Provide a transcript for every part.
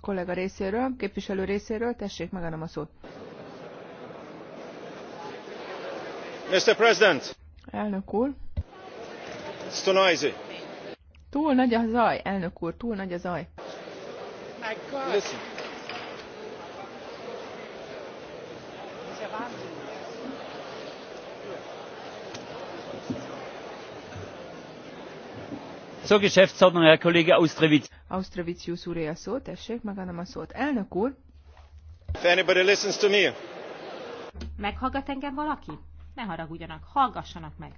kollega részéről, képviselő részéről. Tessék, megadom a szót. Mr. President! Elnök úr! It's too noisy. Túl nagy a zaj, elnök úr, túl nagy a zaj. Listen. Zur Geschäftsordnung, Herr Kollege Austrewitz. Ausztravicius úré a szót, tessék, megadom a szót. Elnök úr! If anybody listens to me. Meghallgat engem valaki? Ne haragudjanak, hallgassanak meg!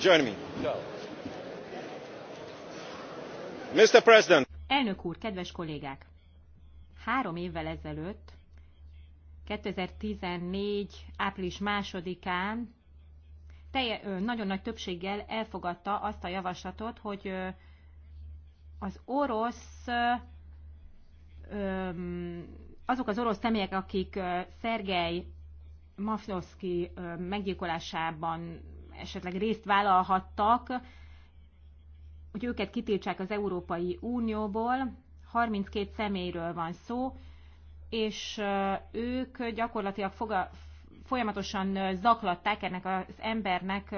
Join me. Mr. President. Elnök úr, kedves kollégák! Három évvel ezelőtt 2014. április másodikán telje, nagyon nagy többséggel elfogadta azt a javaslatot, hogy az orosz azok az orosz személyek, akik Szergej Mafnoszki meggyilkolásában esetleg részt vállalhattak, hogy őket kitiltsák az Európai Unióból, 32 személyről van szó, és ők gyakorlatilag folyamatosan zaklatták ennek az embernek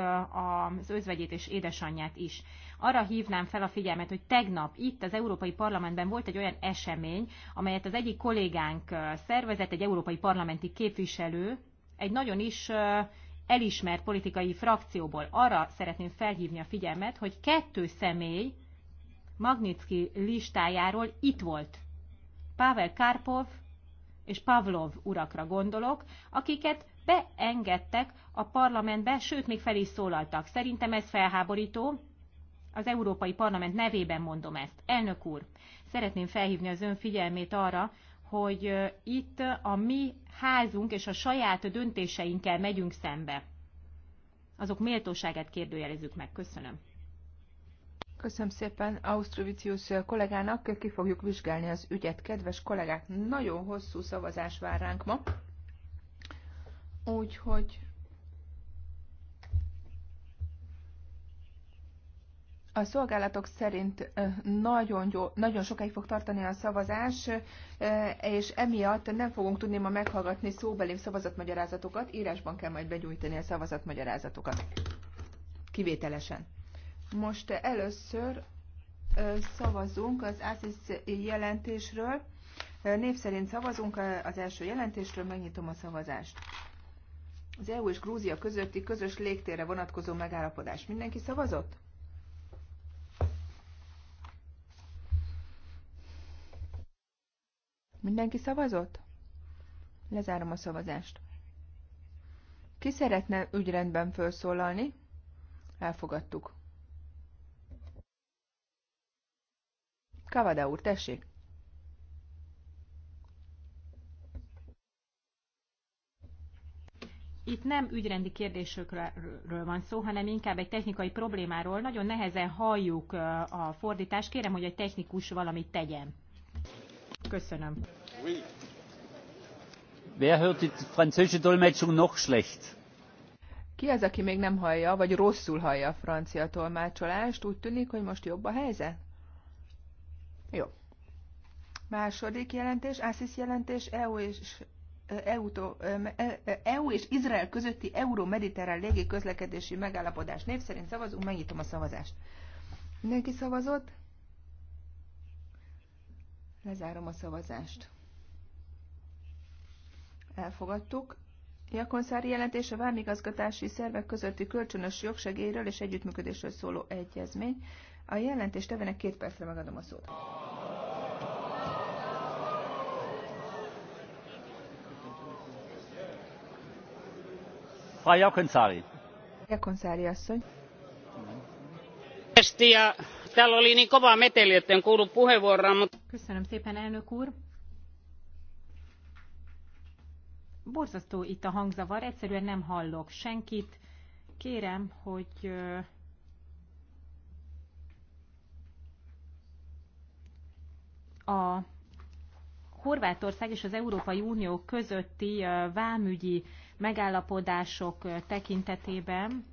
az özvegyét és édesanyját is. Arra hívnám fel a figyelmet, hogy tegnap itt az Európai Parlamentben volt egy olyan esemény, amelyet az egyik kollégánk szervezett, egy európai parlamenti képviselő, egy nagyon is elismert politikai frakcióból. Arra szeretném felhívni a figyelmet, hogy kettő személy Magnitsky listájáról itt volt. Pavel Karpov és Pavlov urakra gondolok, akiket beengedtek a parlamentbe, sőt, még fel is szólaltak. Szerintem ez felháborító, az Európai Parlament nevében mondom ezt. Elnök úr, szeretném felhívni az ön figyelmét arra, hogy itt a mi házunk és a saját döntéseinkkel megyünk szembe. Azok méltóságát kérdőjelezzük meg. Köszönöm. Köszönöm szépen Ausztrovicius kollégának, ki fogjuk vizsgálni az ügyet. Kedves kollégák, nagyon hosszú szavazás vár ránk ma, úgyhogy A szolgálatok szerint nagyon, jó, nagyon sokáig fog tartani a szavazás, és emiatt nem fogunk tudni ma meghallgatni szóbeli szavazatmagyarázatokat, írásban kell majd begyújtani a szavazatmagyarázatokat. Kivételesen. Most először szavazunk az ASIS jelentésről. Név szerint szavazunk az első jelentésről, megnyitom a szavazást. Az EU és Grúzia közötti közös légtérre vonatkozó megállapodás. Mindenki szavazott? Mindenki szavazott? Lezárom a szavazást. Ki szeretne ügyrendben felszólalni? Elfogadtuk. Kavada úr, tessék! Itt nem ügyrendi kérdésről van szó, hanem inkább egy technikai problémáról. Nagyon nehezen halljuk a fordítást. Kérem, hogy egy technikus valamit tegyen. Köszönöm. Wer hört die französische Dolmetschung noch schlecht? Ki az, aki még nem hallja, vagy rosszul hallja a francia tolmácsolást? Úgy tűnik, hogy most jobb a helyzet? Jó. Második jelentés, ASZISZ jelentés, EU és EU, e EU és Izrael közötti euró-mediterrán légiközlekedési megállapodás. Név szerint szavazunk, megnyitom a szavazást. Mindenki szavazott? Lezárom a szavazást. Elfogadtuk. Jakonszári jelentés a vámigazgatási szervek közötti kölcsönös jogsegélyről és együttműködésről szóló egyezmény. A jelentést tevenek két percre megadom a szót. Frau Jakonszári. Jakonszári asszony. Täällä oli niin kova meteli, etten kuulu puheenvuoroa, mutta... Köszönöm szépen, elnök úr. Borzasztó itt a hangzavar, egyszerűen nem hallok senkit. Kérem, hogy a Horvátország és az Európai Unió közötti vámügyi megállapodások tekintetében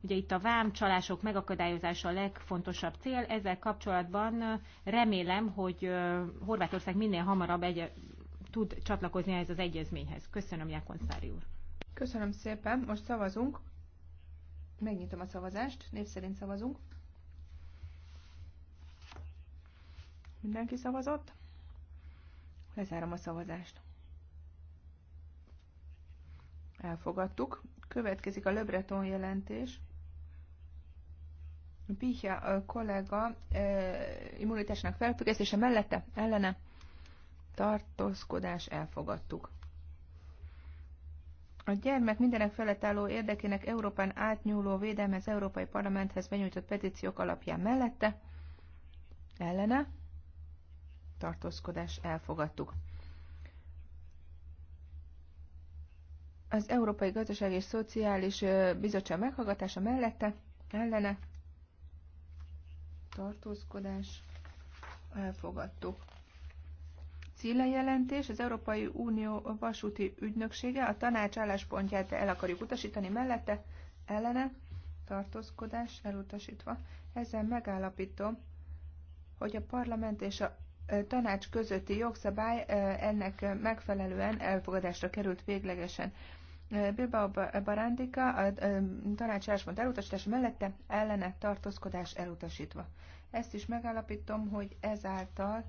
Ugye itt a vámcsalások megakadályozása a legfontosabb cél. Ezzel kapcsolatban remélem, hogy Horvátország minél hamarabb egy tud csatlakozni ez az egyezményhez. Köszönöm, Jákonszári úr. Köszönöm szépen. Most szavazunk. Megnyitom a szavazást. Név szerint szavazunk. Mindenki szavazott? Lezárom a szavazást. Elfogadtuk. Következik a Löbreton jelentés. Pihja kollega e, immunitásnak felfüggesztése mellette, ellene tartózkodás elfogadtuk. A gyermek mindenek felett álló érdekének Európán átnyúló az Európai Parlamenthez benyújtott petíciók alapján mellette, ellene tartózkodás elfogadtuk. Az Európai Gazdaság és Szociális Bizottság meghallgatása mellette ellene tartózkodás elfogadtuk. Cille jelentés, az Európai Unió vasúti ügynöksége, a tanács álláspontját el akarjuk utasítani mellette, ellene, tartózkodás elutasítva. Ezzel megállapítom, hogy a parlament és a tanács közötti jogszabály ennek megfelelően elfogadásra került véglegesen. Bilbao Barandika a tanács álláspont elutasítása mellette ellene tartózkodás elutasítva. Ezt is megállapítom, hogy ezáltal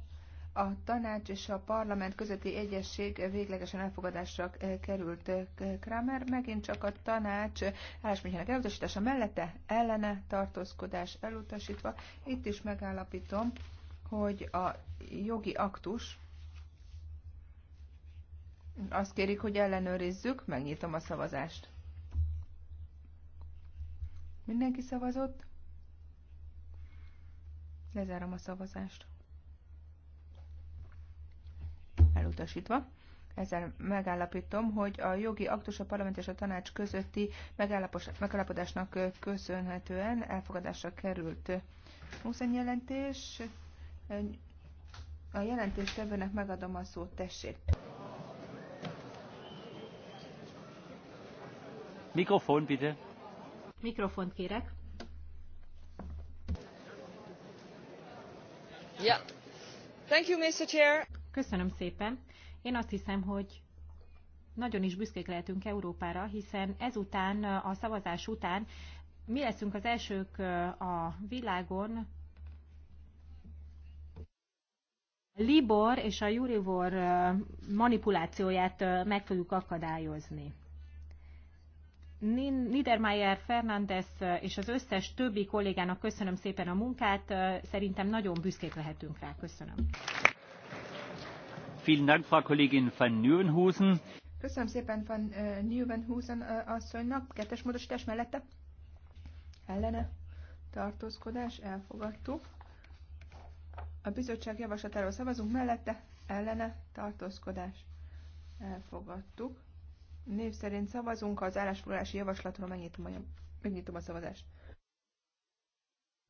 a tanács és a parlament közötti egyesség véglegesen elfogadásra került Kramer. Megint csak a tanács álláspontjának elutasítása mellette ellene tartózkodás elutasítva. Itt is megállapítom, hogy a jogi aktus azt kérik, hogy ellenőrizzük, megnyitom a szavazást. Mindenki szavazott? Lezárom a szavazást. Elutasítva. Ezzel megállapítom, hogy a jogi aktus a parlament és a tanács közötti megállapodásnak köszönhetően elfogadásra került. jelentés. A jelentéstevőnek megadom a szót, tessék. Mikrofon, bitte. Mikrofont kérek. Ja, Thank you, Mr. Chair. Köszönöm szépen. Én azt hiszem, hogy nagyon is büszkék lehetünk Európára, hiszen ezután, a szavazás után mi leszünk az elsők a világon, Libor és a Jurivor manipulációját meg fogjuk akadályozni. Niedermayer, Fernández és az összes többi kollégának köszönöm szépen a munkát, szerintem nagyon büszkék lehetünk rá. Köszönöm. Vielen Dank, Frau Kollegin Köszönöm szépen van uh, Nieuwenhusen uh, asszonynak. Kettes módosítás mellette ellene tartózkodás elfogadtuk. A bizottság javaslatáról szavazunk mellette, ellene, tartózkodás. Elfogadtuk. Név szerint szavazunk az állásfoglalási javaslatról, megnyitom a, megnyitom a szavazást.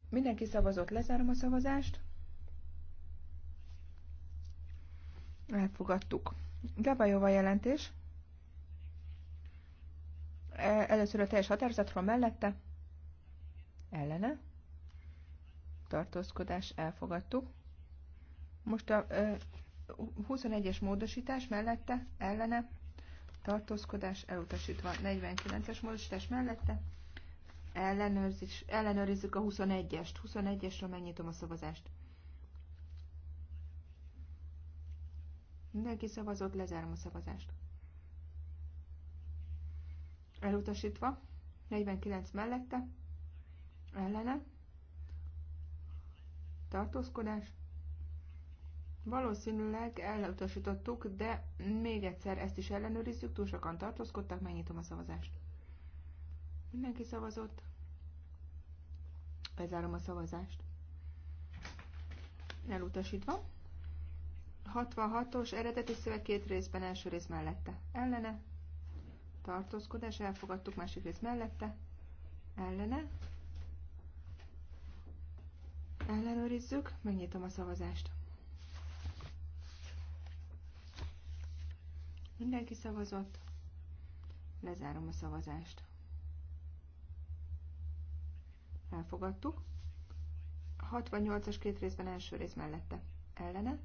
Mindenki szavazott, lezárom a szavazást. Elfogadtuk. Gabajova jelentés. E, először a teljes határozatról mellette. Ellene. Tartózkodás elfogadtuk. Most a 21-es módosítás mellette, ellene, tartózkodás elutasítva. 49-es módosítás mellette, ellenőrzés, ellenőrizzük a 21-est. 21-esről megnyitom a szavazást. Mindenki szavazott, lezárom a szavazást. Elutasítva, 49 mellette, ellene, tartózkodás, Valószínűleg elutasítottuk, de még egyszer ezt is ellenőrizzük, túl sokan tartózkodtak, megnyitom a szavazást. Mindenki szavazott. Bezárom a szavazást. Elutasítva. 66-os eredeti szöveg két részben, első rész mellette. Ellene. Tartózkodás, elfogadtuk, másik rész mellette. Ellene. Ellenőrizzük, megnyitom a szavazást. Mindenki szavazott. Lezárom a szavazást. Elfogadtuk. 68-as két részben első rész mellette. Ellene.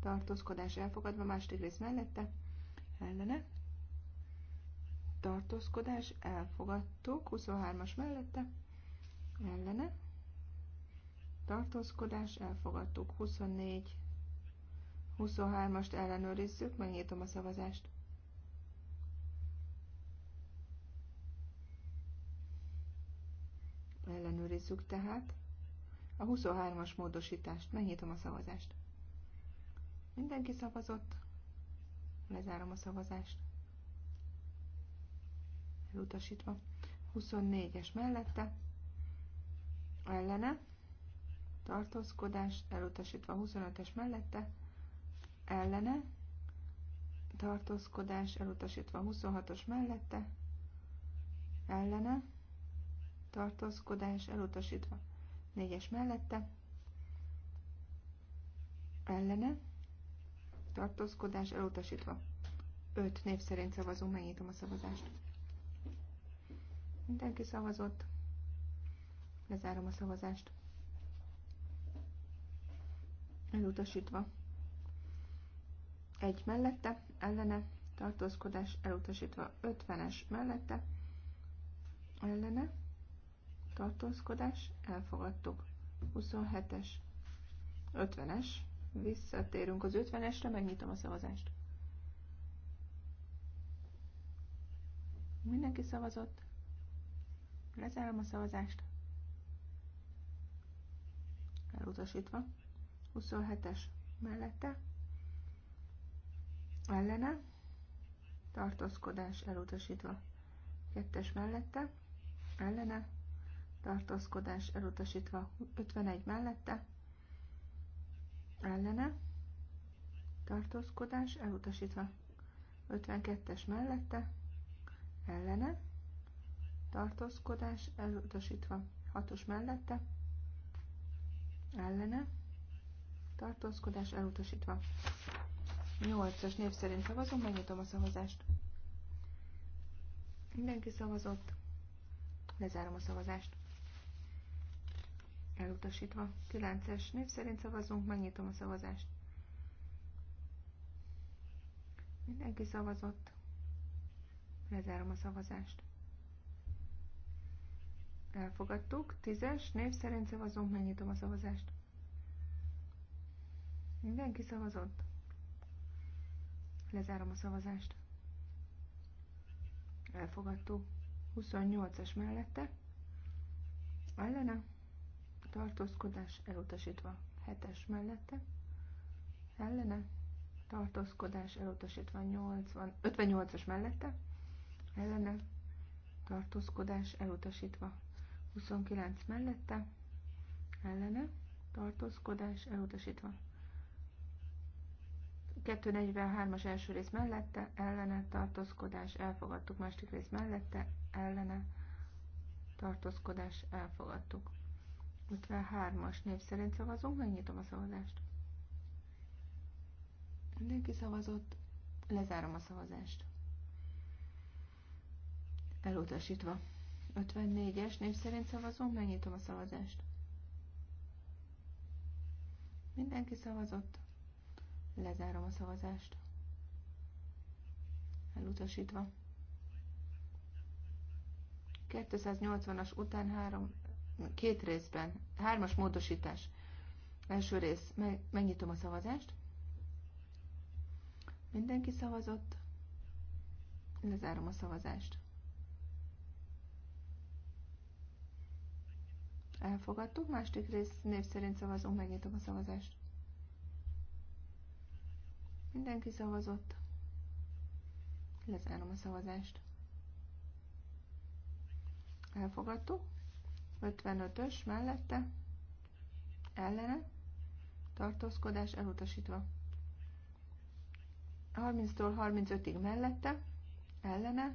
Tartózkodás elfogadva második rész mellette. Ellene. Tartózkodás elfogadtuk. 23-as mellette. Ellene. Tartózkodás elfogadtuk. 24. 23-ast ellenőrizzük. Megnyitom a szavazást. ellenőrizzük tehát. A 23-as módosítást. Megnyitom a szavazást. Mindenki szavazott. Lezárom a szavazást. Elutasítva. 24-es mellette. Ellene. Tartózkodás. Elutasítva. 25-es mellette. Ellene. Tartózkodás. Elutasítva. 26-os mellette. Ellene tartózkodás elutasítva. Négyes mellette, ellene, tartózkodás elutasítva. Öt név szerint szavazunk, megnyitom a szavazást. Mindenki szavazott. Lezárom a szavazást. Elutasítva. Egy mellette, ellene, tartózkodás elutasítva. 50-es mellette, ellene, tartózkodás, elfogadtuk. 27-es, 50-es, visszatérünk az 50-esre, megnyitom a szavazást. Mindenki szavazott. Lezárom a szavazást. Elutasítva. 27-es mellette. Ellene. Tartózkodás elutasítva. 2-es mellette. Ellene tartózkodás elutasítva 51 mellette, ellene, tartózkodás elutasítva 52-es mellette, ellene, tartózkodás elutasítva 6-os mellette, ellene, tartózkodás elutasítva 8-as név szerint szavazom, megnyitom a szavazást. Mindenki szavazott, lezárom a szavazást elutasítva. 9-es név szerint szavazunk, megnyitom a szavazást. Mindenki szavazott. Lezárom a szavazást. Elfogadtuk. 10-es név szerint szavazunk, megnyitom a szavazást. Mindenki szavazott. Lezárom a szavazást. Elfogadtuk. 28-as mellette. Ellene tartózkodás elutasítva. 7-es mellette, ellene, tartózkodás elutasítva. 80, 58-as mellette, ellene, tartózkodás elutasítva. 29 mellette, ellene, tartózkodás elutasítva. 243-as első rész mellette, ellene, tartózkodás, elfogadtuk, második rész mellette, ellene, tartózkodás, elfogadtuk. 53-as név szerint szavazunk, megnyitom a szavazást. Mindenki szavazott, lezárom a szavazást. Elutasítva. 54-es név szerint szavazunk, megnyitom a szavazást. Mindenki szavazott, lezárom a szavazást. Elutasítva. 280-as után három Két részben. Hármas módosítás. Első rész. Megnyitom a szavazást. Mindenki szavazott. Lezárom a szavazást. Elfogadtuk. Másik rész név szerint szavazunk. Megnyitom a szavazást. Mindenki szavazott. Lezárom a szavazást. Elfogadtuk. 55-ös mellette, ellene, tartózkodás elutasítva. 30-tól 35-ig mellette, ellene,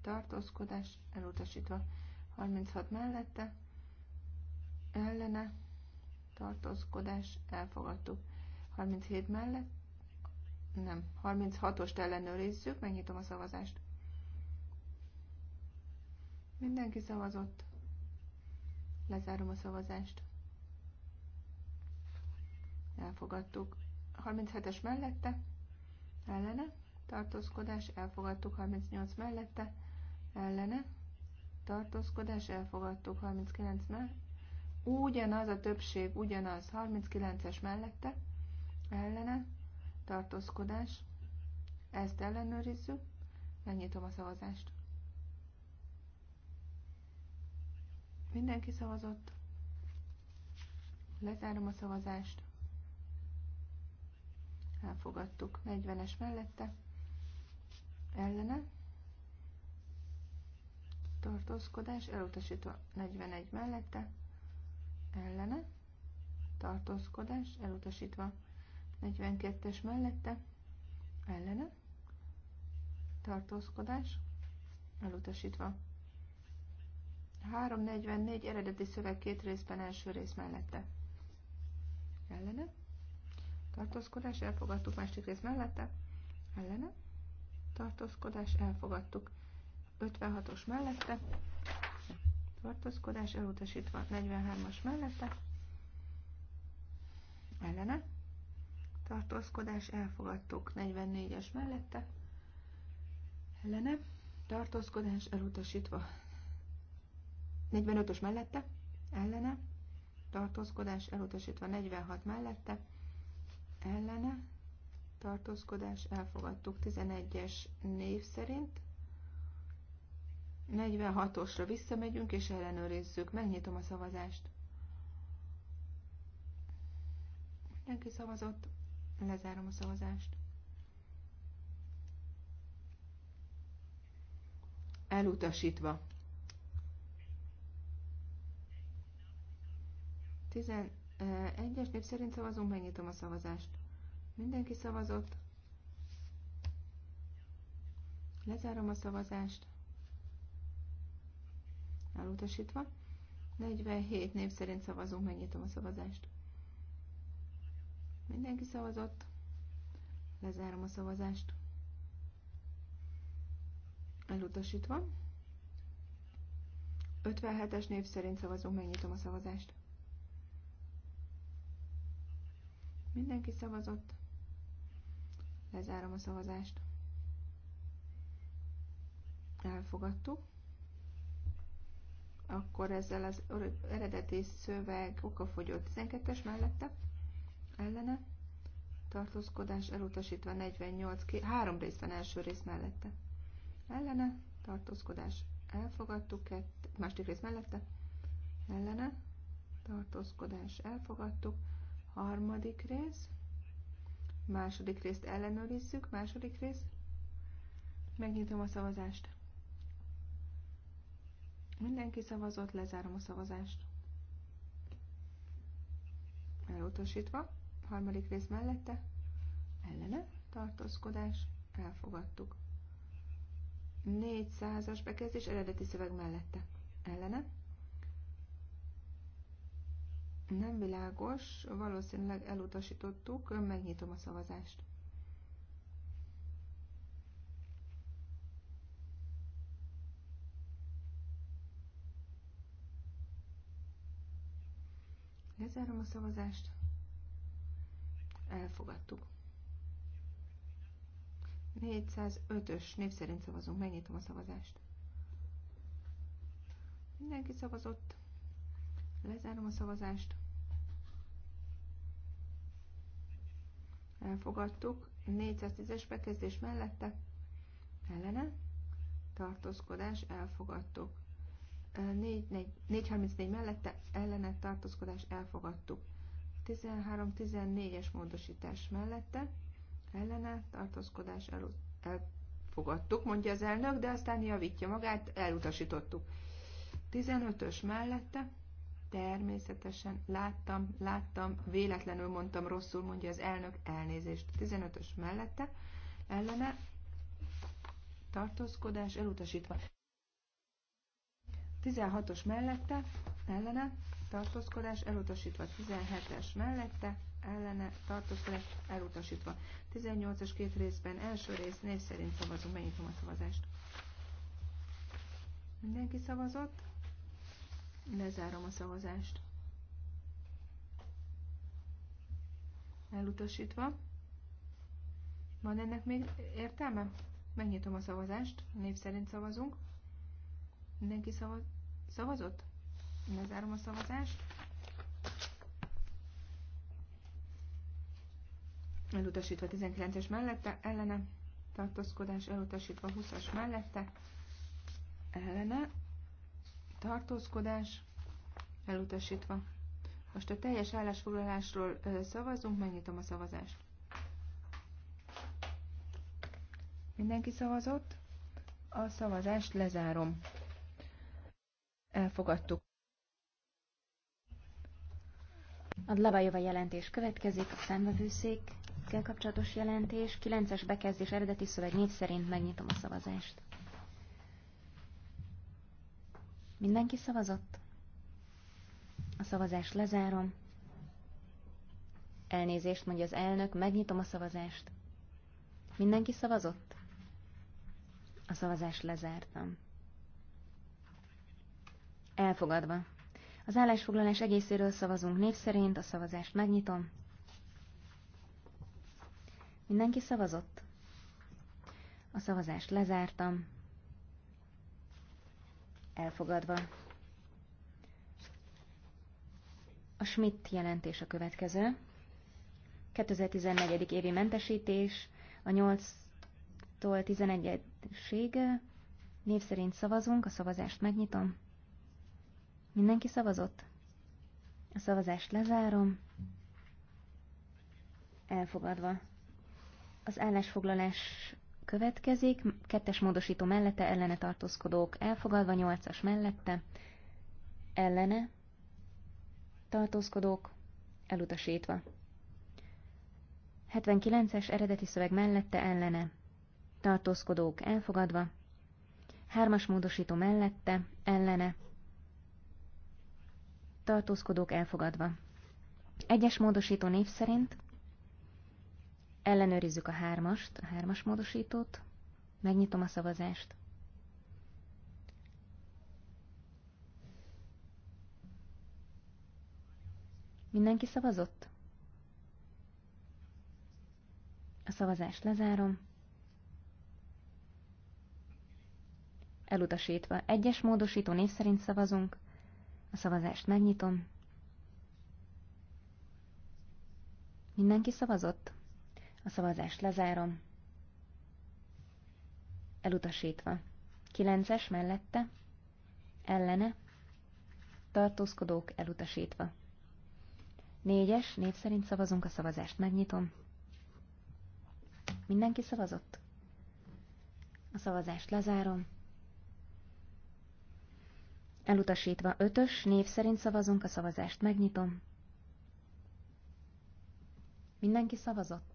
tartózkodás elutasítva. 36 mellette, ellene, tartózkodás elfogadtuk. 37 mellett, nem, 36-ost ellenőrizzük, megnyitom a szavazást. Mindenki szavazott. Lezárom a szavazást. Elfogadtuk. 37-es mellette, ellene, tartózkodás, elfogadtuk. 38 mellette, ellene, tartózkodás, elfogadtuk. 39 mellette, ugyanaz a többség, ugyanaz, 39-es mellette, ellene, tartózkodás, ezt ellenőrizzük, megnyitom a szavazást. Mindenki szavazott. Lezárom a szavazást. Elfogadtuk. 40-es mellette. Ellene. Tartózkodás. Elutasítva 41 mellette. Ellene. Tartózkodás. Elutasítva 42-es mellette. Ellene. Tartózkodás. Elutasítva 344 eredeti szöveg két részben, első rész mellette. Ellene. Tartózkodás elfogadtuk, másik rész mellette. Ellene. Tartózkodás elfogadtuk. 56-os mellette. Tartózkodás elutasítva. 43-as mellette. Ellene. Tartózkodás elfogadtuk. 44-es mellette. Ellene. Tartózkodás elutasítva. 45-ös mellette, ellene, tartózkodás elutasítva 46 mellette, ellene, tartózkodás elfogadtuk 11-es név szerint. 46-osra visszamegyünk és ellenőrizzük. Megnyitom a szavazást. Mindenki szavazott. Lezárom a szavazást. Elutasítva. 11-es név szerint szavazunk, megnyitom a szavazást. Mindenki szavazott. Lezárom a szavazást. Elutasítva. 47 név szerint szavazunk, megnyitom a szavazást. Mindenki szavazott. Lezárom a szavazást. Elutasítva. 57-es név szerint szavazunk, megnyitom a szavazást. Mindenki szavazott. Lezárom a szavazást. Elfogadtuk. Akkor ezzel az eredeti szöveg okafogyott 12-es mellette ellene. Tartózkodás elutasítva 48, ki, három van első rész mellette. Ellene, tartózkodás elfogadtuk, kett, második rész mellette. Ellene, tartózkodás elfogadtuk. Harmadik rész. Második részt ellenőrizzük. Második rész. Megnyitom a szavazást. Mindenki szavazott, lezárom a szavazást. Elutasítva. Harmadik rész mellette. Ellene. Tartózkodás. Elfogadtuk. 400-as bekezdés eredeti szöveg mellette. Ellene. Nem világos, valószínűleg elutasítottuk, megnyitom a szavazást. Lezárom a szavazást. Elfogadtuk. 405-ös név szerint szavazunk. Megnyitom a szavazást. Mindenki szavazott. Lezárom a szavazást. Elfogadtuk. 410-es bekezdés mellette. Ellene. Tartózkodás. Elfogadtuk. 434 mellette. Ellene. Tartózkodás. Elfogadtuk. 13-14-es módosítás mellette. Ellene. Tartózkodás. El, elfogadtuk, mondja az elnök, de aztán javítja magát. Elutasítottuk. 15-ös mellette Természetesen láttam, láttam, véletlenül mondtam rosszul, mondja az elnök elnézést. 15-ös mellette ellene tartózkodás elutasítva. 16-os mellette ellene tartózkodás elutasítva. 17-es mellette ellene tartózkodás elutasítva. 18-as két részben első rész név szerint szavazunk. Megnyitom a szavazást. Mindenki szavazott? Lezárom a szavazást. Elutasítva. Van ennek még értelme? Megnyitom a szavazást, név szerint szavazunk. Mindenki szavaz... szavazott? Lezárom a szavazást. Elutasítva 19-es mellette, ellene, tartózkodás elutasítva 20-as mellette, ellene, tartózkodás elutasítva. Most a teljes állásfoglalásról szavazunk, megnyitom a szavazást. Mindenki szavazott? A szavazást lezárom. Elfogadtuk. A Dlabajova jelentés következik, a számvevőszékkel kapcsolatos jelentés, 9-es bekezdés eredeti szöveg négy szerint megnyitom a szavazást. Mindenki szavazott? A szavazás lezárom. Elnézést mondja az elnök, megnyitom a szavazást. Mindenki szavazott? A szavazást lezártam. Elfogadva. Az állásfoglalás egészéről szavazunk név szerint, a szavazást megnyitom. Mindenki szavazott? A szavazást lezártam. Elfogadva. A Schmidt jelentés a következő. 2014. évi mentesítés, a 8-tól 11 ség Név szerint szavazunk, a szavazást megnyitom. Mindenki szavazott? A szavazást lezárom. Elfogadva. Az állásfoglalás következik, kettes módosító mellette ellene tartózkodók elfogadva, nyolcas mellette ellene tartózkodók elutasítva. 79-es eredeti szöveg mellette ellene tartózkodók elfogadva, hármas módosító mellette ellene tartózkodók elfogadva. Egyes módosító név szerint Ellenőrizzük a hármast, a hármas módosítót. Megnyitom a szavazást. Mindenki szavazott? A szavazást lezárom. Elutasítva egyes módosító név szerint szavazunk. A szavazást megnyitom. Mindenki szavazott? A szavazást lezárom. Elutasítva. 9-es mellette. Ellene. Tartózkodók elutasítva. 4-es, név szerint szavazunk, a szavazást megnyitom. Mindenki szavazott? A szavazást lezárom. Elutasítva 5-ös, név szerint szavazunk, a szavazást megnyitom. Mindenki szavazott?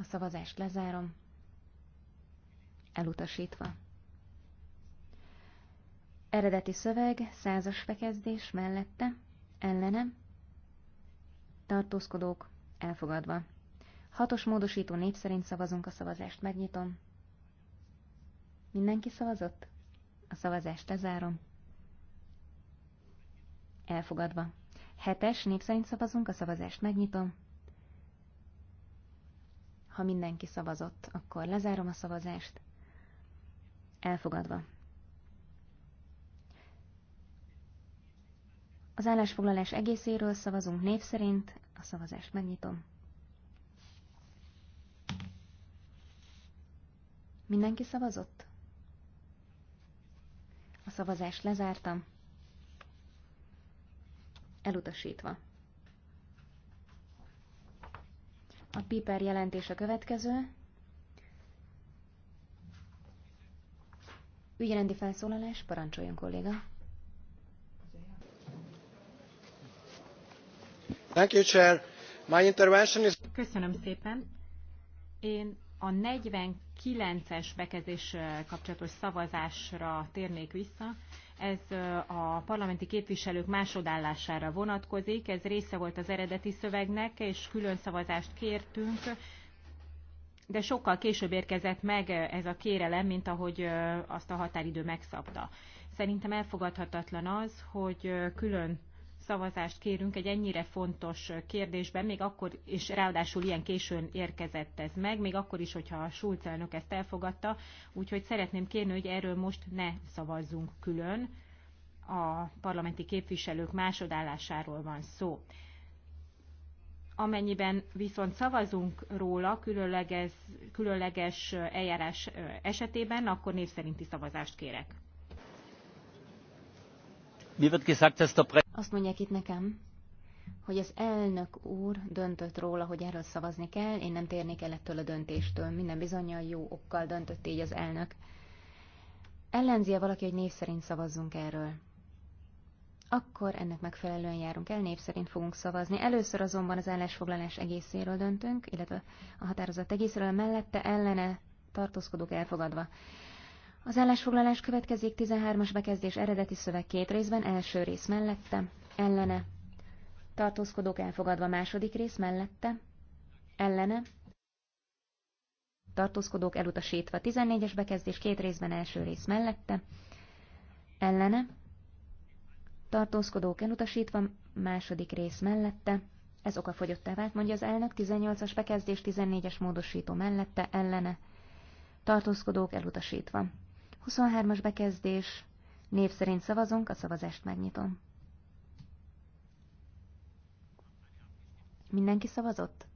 A szavazást lezárom. Elutasítva. Eredeti szöveg, százas bekezdés mellette, ellenem. Tartózkodók, elfogadva. Hatos módosító név szerint szavazunk a szavazást, megnyitom. Mindenki szavazott? A szavazást lezárom. Elfogadva. Hetes név szerint szavazunk, a szavazást megnyitom. Ha mindenki szavazott, akkor lezárom a szavazást. Elfogadva. Az állásfoglalás egészéről szavazunk név szerint. A szavazást megnyitom. Mindenki szavazott? A szavazást lezártam. Elutasítva. A Piper jelentés a következő. Ügyrendi felszólalás, parancsoljon kolléga. Thank you, Chair. My intervention is... Köszönöm szépen. Én a 49-es bekezdés kapcsolatos szavazásra térnék vissza ez a parlamenti képviselők másodállására vonatkozik, ez része volt az eredeti szövegnek, és külön szavazást kértünk, de sokkal később érkezett meg ez a kérelem, mint ahogy azt a határidő megszabta. Szerintem elfogadhatatlan az, hogy külön szavazást kérünk egy ennyire fontos kérdésben, még akkor, és ráadásul ilyen későn érkezett ez meg, még akkor is, hogyha a Schulz elnök ezt elfogadta, úgyhogy szeretném kérni, hogy erről most ne szavazzunk külön. A parlamenti képviselők másodállásáról van szó. Amennyiben viszont szavazunk róla különleges, különleges eljárás esetében, akkor név szerinti szavazást kérek. Mi wird gesagt, dass der azt mondják itt nekem, hogy az elnök úr döntött róla, hogy erről szavazni kell, én nem térnék el ettől a döntéstől. Minden bizonyal jó okkal döntött így az elnök. ellenzi -e valaki, hogy név szerint szavazzunk erről? Akkor ennek megfelelően járunk el, név szerint fogunk szavazni. Először azonban az ellensfoglalás egészéről döntünk, illetve a határozat egészéről, mellette ellene tartózkodók elfogadva. Az állásfoglalás következik 13-as bekezdés eredeti szöveg két részben, első rész mellette, ellene. Tartózkodók elfogadva második rész mellette, ellene. Tartózkodók elutasítva 14-es bekezdés két részben, első rész mellette, ellene. Tartózkodók elutasítva második rész mellette, ez oka fogyottá vált, mondja az elnök, 18-as bekezdés 14-es módosító mellette, ellene. Tartózkodók elutasítva. 23-as bekezdés. Név szerint szavazunk, a szavazást megnyitom. Mindenki szavazott?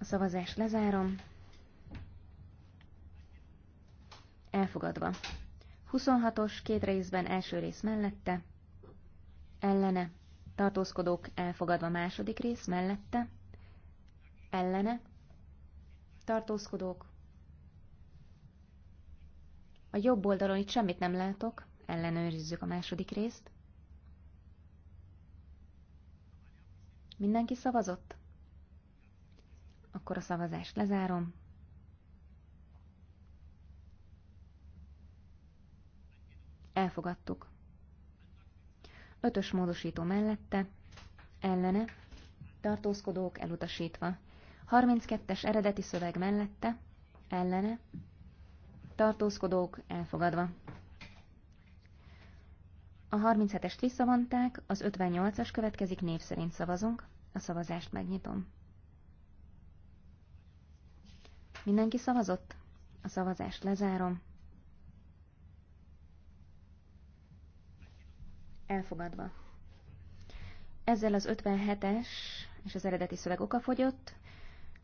A szavazást lezárom. Elfogadva. 26-os két részben első rész mellette, ellene, tartózkodók elfogadva második rész mellette, ellene, tartózkodók a jobb oldalon itt semmit nem látok, ellenőrizzük a második részt. Mindenki szavazott? Akkor a szavazást lezárom. Elfogadtuk. Ötös módosító mellette, ellene, tartózkodók elutasítva. 32-es eredeti szöveg mellette, ellene, tartózkodók elfogadva. A 37-est visszavonták, az 58-as következik, név szerint szavazunk. A szavazást megnyitom. Mindenki szavazott? A szavazást lezárom. Elfogadva. Ezzel az 57-es és az eredeti szöveg okafogyott.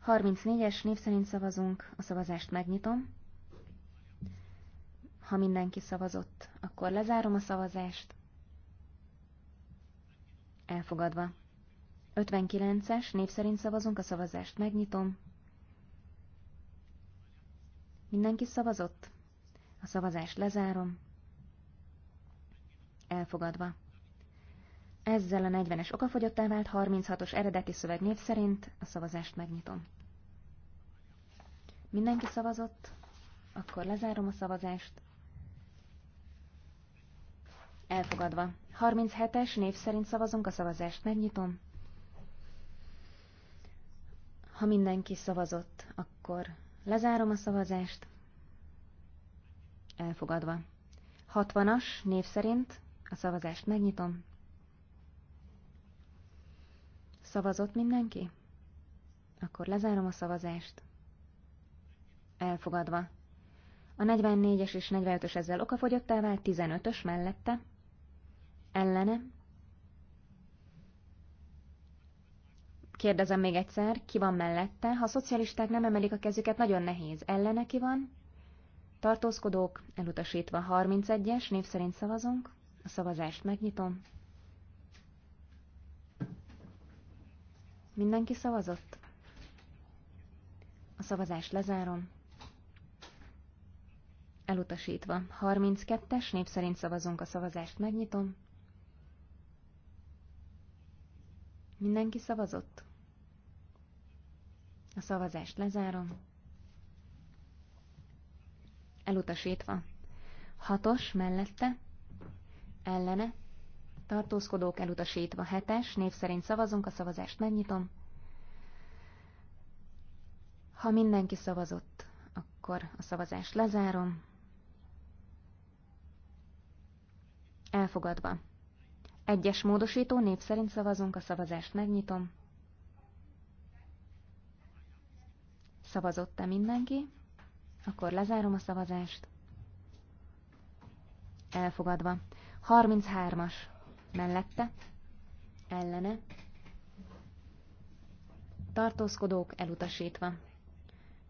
34-es név szerint szavazunk, a szavazást megnyitom. Ha mindenki szavazott, akkor lezárom a szavazást. Elfogadva. 59-es, név szerint szavazunk, a szavazást megnyitom. Mindenki szavazott? A szavazást lezárom. Elfogadva. Ezzel a 40-es okafogyottá vált 36-os eredeti szöveg név szerint a szavazást megnyitom. Mindenki szavazott? Akkor lezárom a szavazást. Elfogadva. 37-es név szerint szavazunk, a szavazást megnyitom. Ha mindenki szavazott, akkor lezárom a szavazást. Elfogadva. 60-as név szerint a szavazást megnyitom. Szavazott mindenki? Akkor lezárom a szavazást. Elfogadva. A 44-es és 45-ös ezzel okafogyottá vált, 15-ös mellette, Ellene. Kérdezem még egyszer, ki van mellette? Ha a szocialisták nem emelik a kezüket, nagyon nehéz. Ellene ki van? Tartózkodók, elutasítva 31-es, név szerint szavazunk. A szavazást megnyitom. Mindenki szavazott? A szavazást lezárom. Elutasítva. 32-es, név szerint szavazunk, a szavazást megnyitom. Mindenki szavazott? A szavazást lezárom. Elutasítva. Hatos mellette. Ellene. Tartózkodók elutasítva. Hetes. Név szerint szavazunk. A szavazást megnyitom. Ha mindenki szavazott, akkor a szavazást lezárom. Elfogadva. Egyes módosító név szerint szavazunk, a szavazást megnyitom. Szavazott-e mindenki? Akkor lezárom a szavazást. Elfogadva. 33-as. Mellette. Ellene. Tartózkodók elutasítva.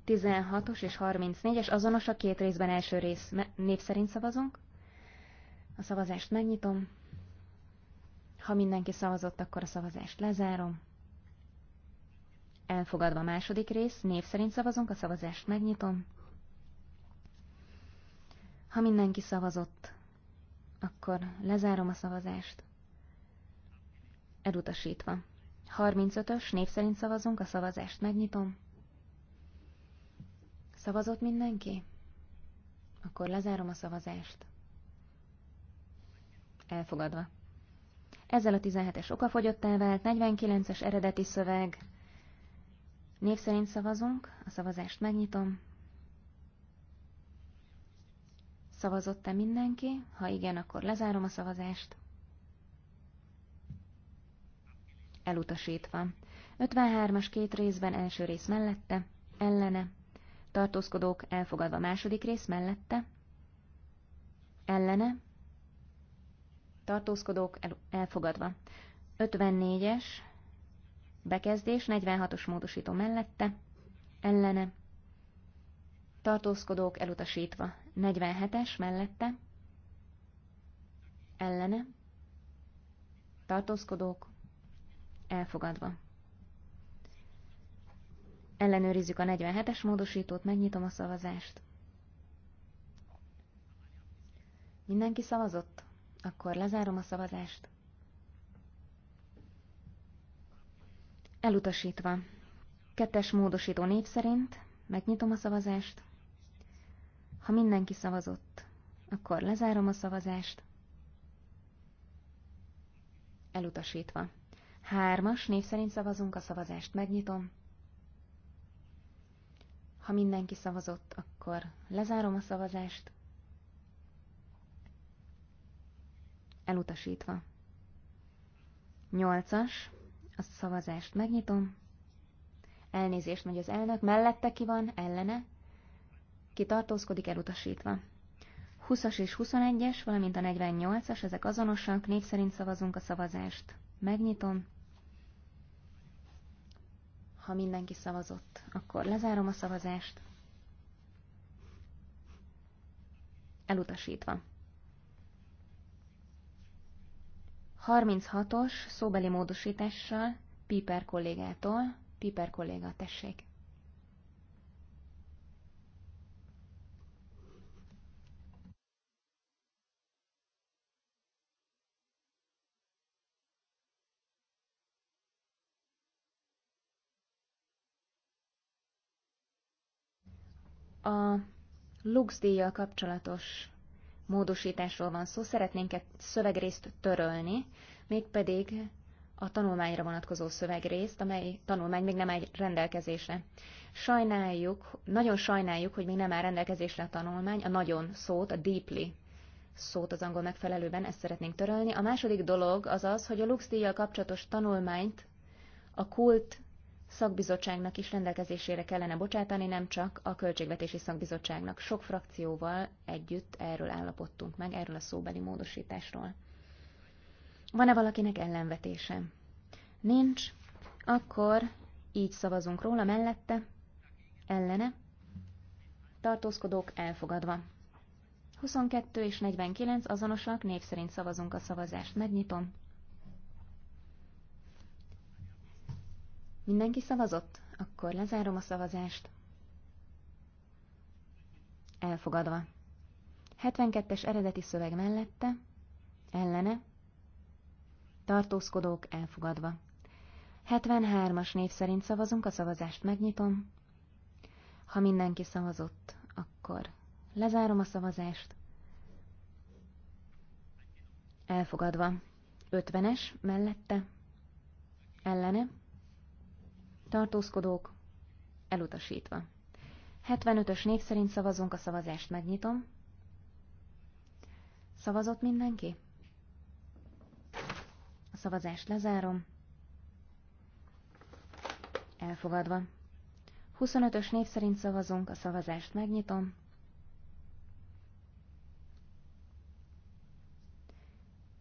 16-os és 34-es azonos a két részben első rész. Név szerint szavazunk. A szavazást megnyitom. Ha mindenki szavazott, akkor a szavazást lezárom. Elfogadva a második rész, név szerint szavazunk, a szavazást megnyitom. Ha mindenki szavazott, akkor lezárom a szavazást. Elutasítva. 35-ös, név szerint szavazunk, a szavazást megnyitom. Szavazott mindenki? Akkor lezárom a szavazást. Elfogadva. Ezzel a 17-es okafogyottá vált, 49-es eredeti szöveg. Név szerint szavazunk, a szavazást megnyitom. Szavazott-e mindenki? Ha igen, akkor lezárom a szavazást. Elutasítva. 53-as két részben első rész mellette, ellene. Tartózkodók elfogadva második rész mellette, ellene tartózkodók elfogadva. 54-es bekezdés 46-os módosító mellette, ellene, tartózkodók elutasítva. 47-es mellette, ellene, tartózkodók elfogadva. Ellenőrizzük a 47-es módosítót, megnyitom a szavazást. Mindenki szavazott? Akkor lezárom a szavazást. Elutasítva. Kettes módosító név szerint megnyitom a szavazást. Ha mindenki szavazott, akkor lezárom a szavazást. Elutasítva. Hármas név szerint szavazunk, a szavazást megnyitom. Ha mindenki szavazott, akkor lezárom a szavazást. elutasítva. Nyolcas, a szavazást megnyitom. Elnézést megy az elnök, mellette ki van, ellene. Ki tartózkodik elutasítva. 20-as és 21-es, valamint a 48-as, ezek azonosak, név szerint szavazunk a szavazást. Megnyitom. Ha mindenki szavazott, akkor lezárom a szavazást. Elutasítva. 36-os szóbeli módosítással Piper kollégától. Piper kolléga, tessék. A Lux díjjal kapcsolatos módosításról van szó, szeretnénk egy szövegrészt törölni, mégpedig a tanulmányra vonatkozó szövegrészt, amely tanulmány még nem áll rendelkezésre. Sajnáljuk, nagyon sajnáljuk, hogy még nem áll rendelkezésre a tanulmány, a nagyon szót, a deeply szót az angol megfelelőben, ezt szeretnénk törölni. A második dolog az az, hogy a luxdíjjal kapcsolatos tanulmányt a kult szakbizottságnak is rendelkezésére kellene bocsátani, nem csak a költségvetési szakbizottságnak. Sok frakcióval együtt erről állapodtunk meg, erről a szóbeli módosításról. Van-e valakinek ellenvetése? Nincs. Akkor így szavazunk róla mellette, ellene, tartózkodók elfogadva. 22 és 49 azonosak, név szerint szavazunk a szavazást. Megnyitom. Mindenki szavazott? Akkor lezárom a szavazást. Elfogadva. 72-es eredeti szöveg mellette, ellene, tartózkodók elfogadva. 73-as név szerint szavazunk, a szavazást megnyitom. Ha mindenki szavazott, akkor lezárom a szavazást. Elfogadva. 50-es mellette, ellene, tartózkodók, elutasítva. 75-ös név szerint szavazunk, a szavazást megnyitom. Szavazott mindenki? A szavazást lezárom. Elfogadva. 25-ös név szerint szavazunk, a szavazást megnyitom.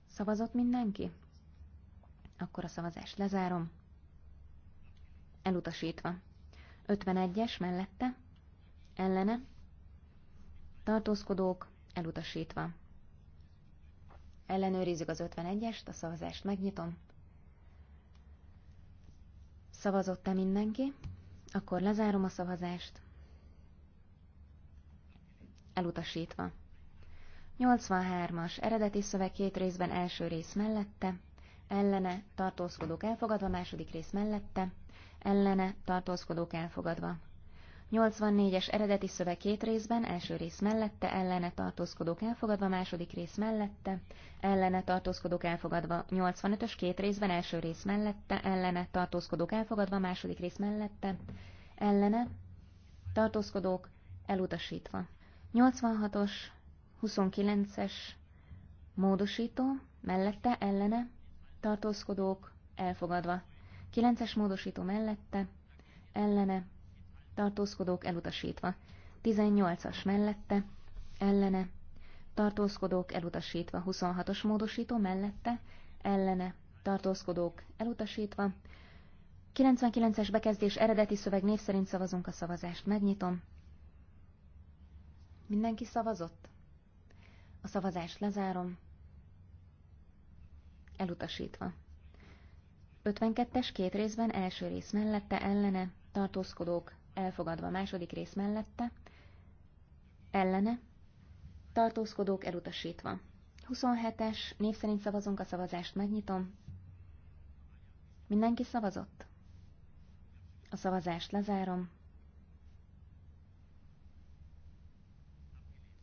Szavazott mindenki? Akkor a szavazást lezárom elutasítva. 51-es mellette, ellene, tartózkodók, elutasítva. Ellenőrizzük az 51-est, a szavazást megnyitom. Szavazott-e mindenki? Akkor lezárom a szavazást. Elutasítva. 83-as eredeti szöveg két részben első rész mellette, ellene tartózkodók elfogadva második rész mellette, ellene tartózkodók elfogadva. 84-es eredeti szöveg két részben, első rész mellette, ellene tartózkodók elfogadva, második rész mellette, ellene tartózkodók elfogadva, 85-ös két részben, első rész mellette, ellene tartózkodók elfogadva, második rész mellette, ellene tartózkodók elutasítva. 86-os, 29-es módosító, mellette, ellene tartózkodók elfogadva. 9-es módosító mellette, ellene, tartózkodók elutasítva. 18-as mellette, ellene, tartózkodók elutasítva. Huszonhatos módosító mellette, ellene, tartózkodók elutasítva. 99-es bekezdés eredeti szöveg név szerint szavazunk a szavazást. Megnyitom. Mindenki szavazott? A szavazást lezárom. Elutasítva. 52-es két részben első rész mellette ellene, tartózkodók elfogadva második rész mellette, ellene, tartózkodók elutasítva. 27-es, név szerint szavazunk a szavazást, megnyitom. Mindenki szavazott? A szavazást lezárom.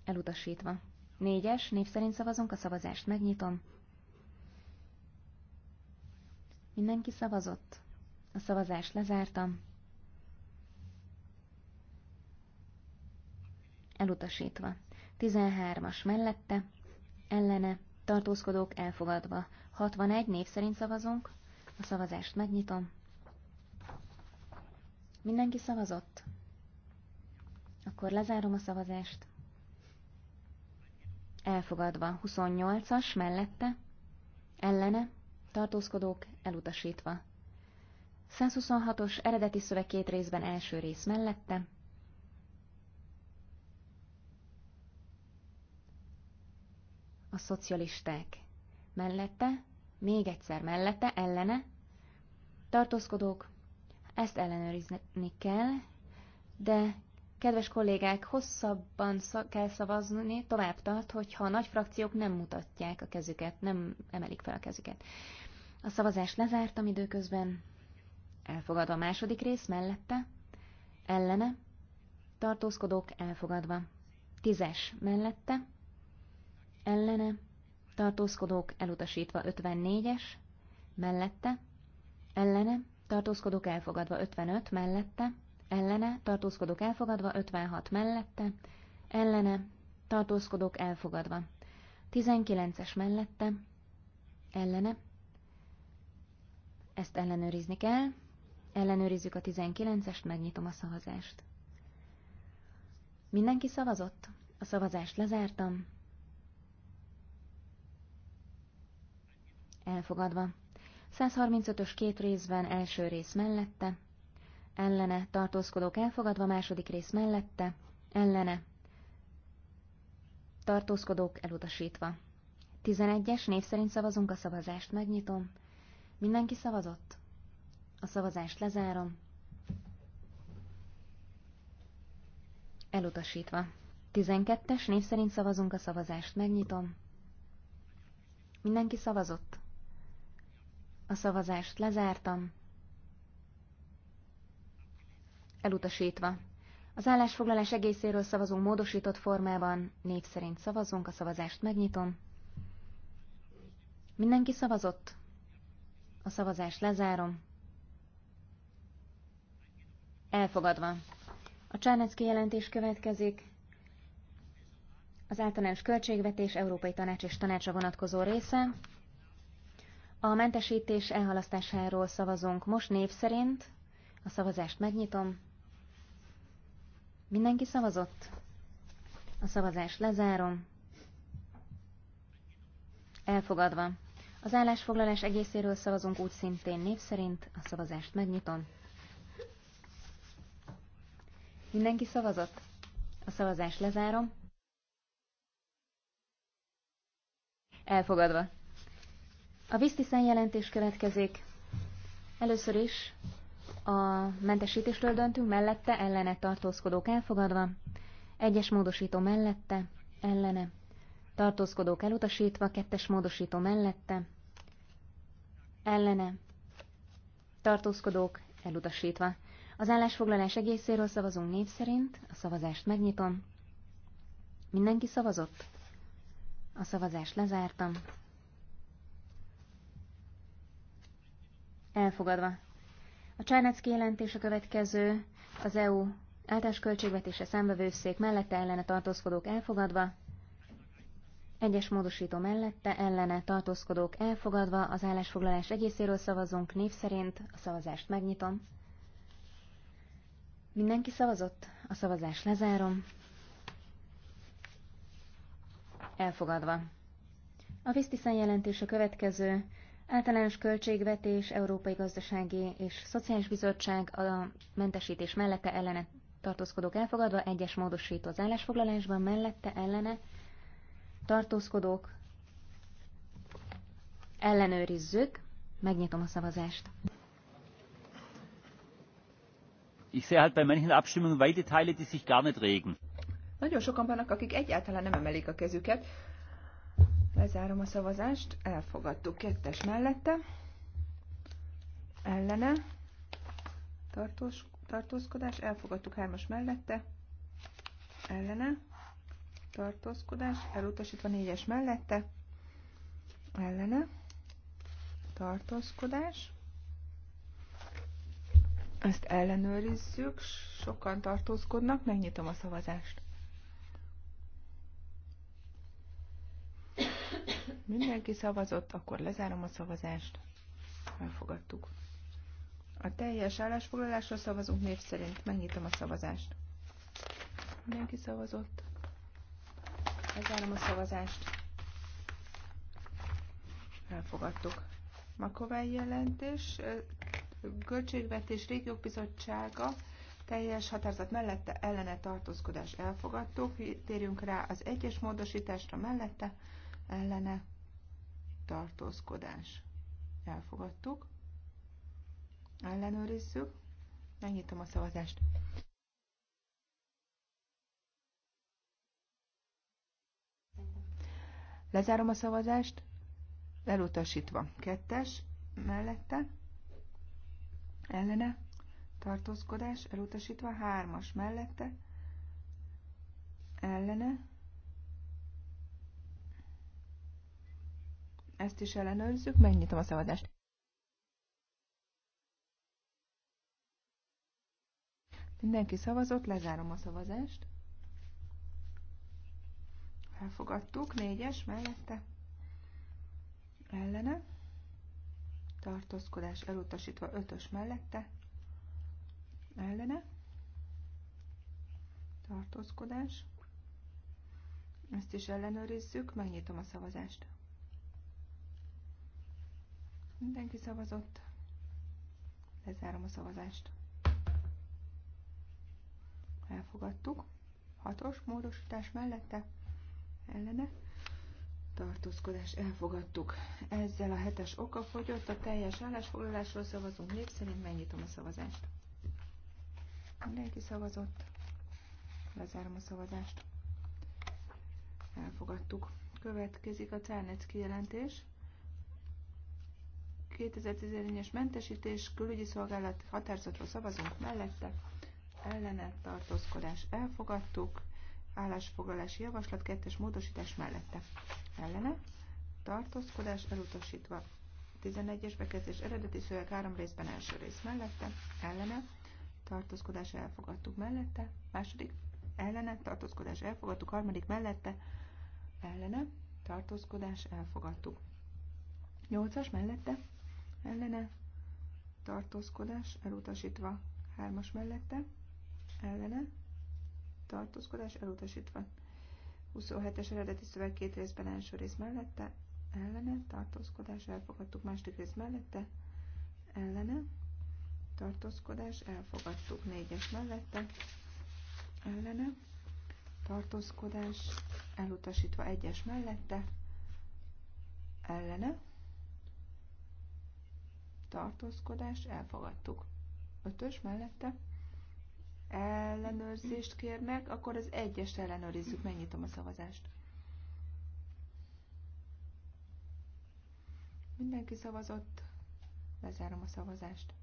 Elutasítva. 4-es, név szerint szavazunk, a szavazást megnyitom. Mindenki szavazott. A szavazást lezártam. Elutasítva. 13-as mellette, ellene, tartózkodók elfogadva. 61 név szerint szavazunk. A szavazást megnyitom. Mindenki szavazott? Akkor lezárom a szavazást. Elfogadva. 28-as mellette, ellene, tartózkodók elutasítva. 126-os eredeti szöveg két részben első rész mellette. A szocialisták mellette, még egyszer mellette, ellene. Tartózkodók, ezt ellenőrizni kell, de kedves kollégák, hosszabban szak kell szavazni, tovább tart, hogyha a nagy frakciók nem mutatják a kezüket, nem emelik fel a kezüket. A szavazást lezártam időközben. Elfogadva a második rész mellette. Ellene. Tartózkodók elfogadva. Tízes mellette. Ellene. Tartózkodók elutasítva 54-es. Mellette. Ellene. Tartózkodók elfogadva 55 mellette. Ellene. Tartózkodók elfogadva 56 mellette. Ellene. Tartózkodók elfogadva. 19-es mellette. Ellene ezt ellenőrizni kell. Ellenőrizzük a 19-est, megnyitom a szavazást. Mindenki szavazott? A szavazást lezártam. Elfogadva. 135-ös két részben első rész mellette, ellene tartózkodók elfogadva második rész mellette, ellene tartózkodók elutasítva. 11-es név szerint szavazunk a szavazást, megnyitom. Mindenki szavazott? A szavazást lezárom. Elutasítva. 12-es név szerint szavazunk a szavazást. Megnyitom. Mindenki szavazott? A szavazást lezártam. Elutasítva. Az állásfoglalás egészéről szavazunk módosított formában. Név szerint szavazunk, a szavazást megnyitom. Mindenki szavazott? A szavazást lezárom. Elfogadva. A Csárnecki jelentés következik. Az általános költségvetés Európai Tanács és Tanácsa vonatkozó része. A mentesítés elhalasztásáról szavazunk most név szerint. A szavazást megnyitom. Mindenki szavazott? A szavazást lezárom. Elfogadva. Az állásfoglalás egészéről szavazunk úgy szintén név szerint. A szavazást megnyitom. Mindenki szavazott? A szavazást lezárom. Elfogadva. A Visztiszen jelentés következik. Először is a mentesítésről döntünk, mellette ellene tartózkodók elfogadva, egyes módosító mellette, ellene, tartózkodók elutasítva, kettes módosító mellette, ellene, tartózkodók elutasítva. Az állásfoglalás egészéről szavazunk név szerint, a szavazást megnyitom. Mindenki szavazott? A szavazást lezártam. Elfogadva. A Csárnecki jelentés a következő, az EU általános költségvetése számbevőszék mellette ellene tartózkodók elfogadva, egyes módosító mellette ellene tartózkodók elfogadva, az állásfoglalás egészéről szavazunk név szerint, a szavazást megnyitom. Mindenki szavazott? A szavazást lezárom. Elfogadva. A Visztiszen jelentés a következő. Általános költségvetés, Európai Gazdasági és Szociális Bizottság a mentesítés mellette ellene tartózkodók elfogadva, egyes módosító az állásfoglalásban mellette ellene tartózkodók, ellenőrizzük, megnyitom a szavazást. Ich sehe halt bei manchen Abstimmungen weite Teile, die sich gar nicht regen. Nagyon sokan vannak, akik egyáltalán nem emelik a kezüket. Lezárom a szavazást, elfogadtuk kettes mellette, ellene, tartós, tartózkodás, elfogadtuk hármas mellette, ellene, tartózkodás, elutasítva négyes mellette, ellene, tartózkodás. Ezt ellenőrizzük, sokan tartózkodnak, megnyitom a szavazást. Mindenki szavazott, akkor lezárom a szavazást. Elfogadtuk. A teljes állásfoglalásra szavazunk név szerint. Megnyitom a szavazást. Mindenki szavazott. Lezárom a szavazást. Elfogadtuk. Makovály jelentés, Költségvetés Régiók Bizottsága, teljes határozat mellette ellene tartózkodás elfogadtuk. Térjünk rá az egyes módosításra mellette ellene tartózkodás. Elfogadtuk. Ellenőrizzük. Megnyitom a szavazást. Lezárom a szavazást, elutasítva. Kettes mellette, ellene, tartózkodás, elutasítva. Hármas mellette, ellene. Ezt is ellenőrzzük. megnyitom a szavazást. Mindenki szavazott, lezárom a szavazást elfogadtuk, négyes mellette ellene, tartózkodás elutasítva ötös mellette ellene, tartózkodás, ezt is ellenőrizzük, megnyitom a szavazást. Mindenki szavazott, lezárom a szavazást. Elfogadtuk, hatos módosítás mellette ellene tartózkodás elfogadtuk. Ezzel a hetes oka fogyott, a teljes állásfoglalásról szavazunk név szerint, megnyitom a szavazást. Mindenki szavazott, lezárom a szavazást. Elfogadtuk. Következik a Cárnec kijelentés. 2014-es mentesítés, külügyi szolgálat határozatról szavazunk mellette, ellene tartózkodás elfogadtuk állásfoglalási javaslat kettes módosítás mellette. Ellene tartózkodás elutasítva. 11-es bekezdés eredeti szöveg három részben első rész mellette. Ellene tartózkodás elfogadtuk mellette. Második ellene tartózkodás elfogadtuk. Harmadik mellette ellene tartózkodás elfogadtuk. 8-as mellette ellene tartózkodás elutasítva. 3-as mellette ellene tartózkodás elutasítva. 27-es eredeti szöveg két részben első rész mellette, ellene, tartózkodás, elfogadtuk második rész mellette, ellene, tartózkodás, elfogadtuk négyes mellette, ellene, tartózkodás, elutasítva egyes mellette, ellene, tartózkodás, elfogadtuk. Ötös mellette, ellenőrzést kérnek, akkor az egyes ellenőrizzük, megnyitom a szavazást. Mindenki szavazott, lezárom a szavazást.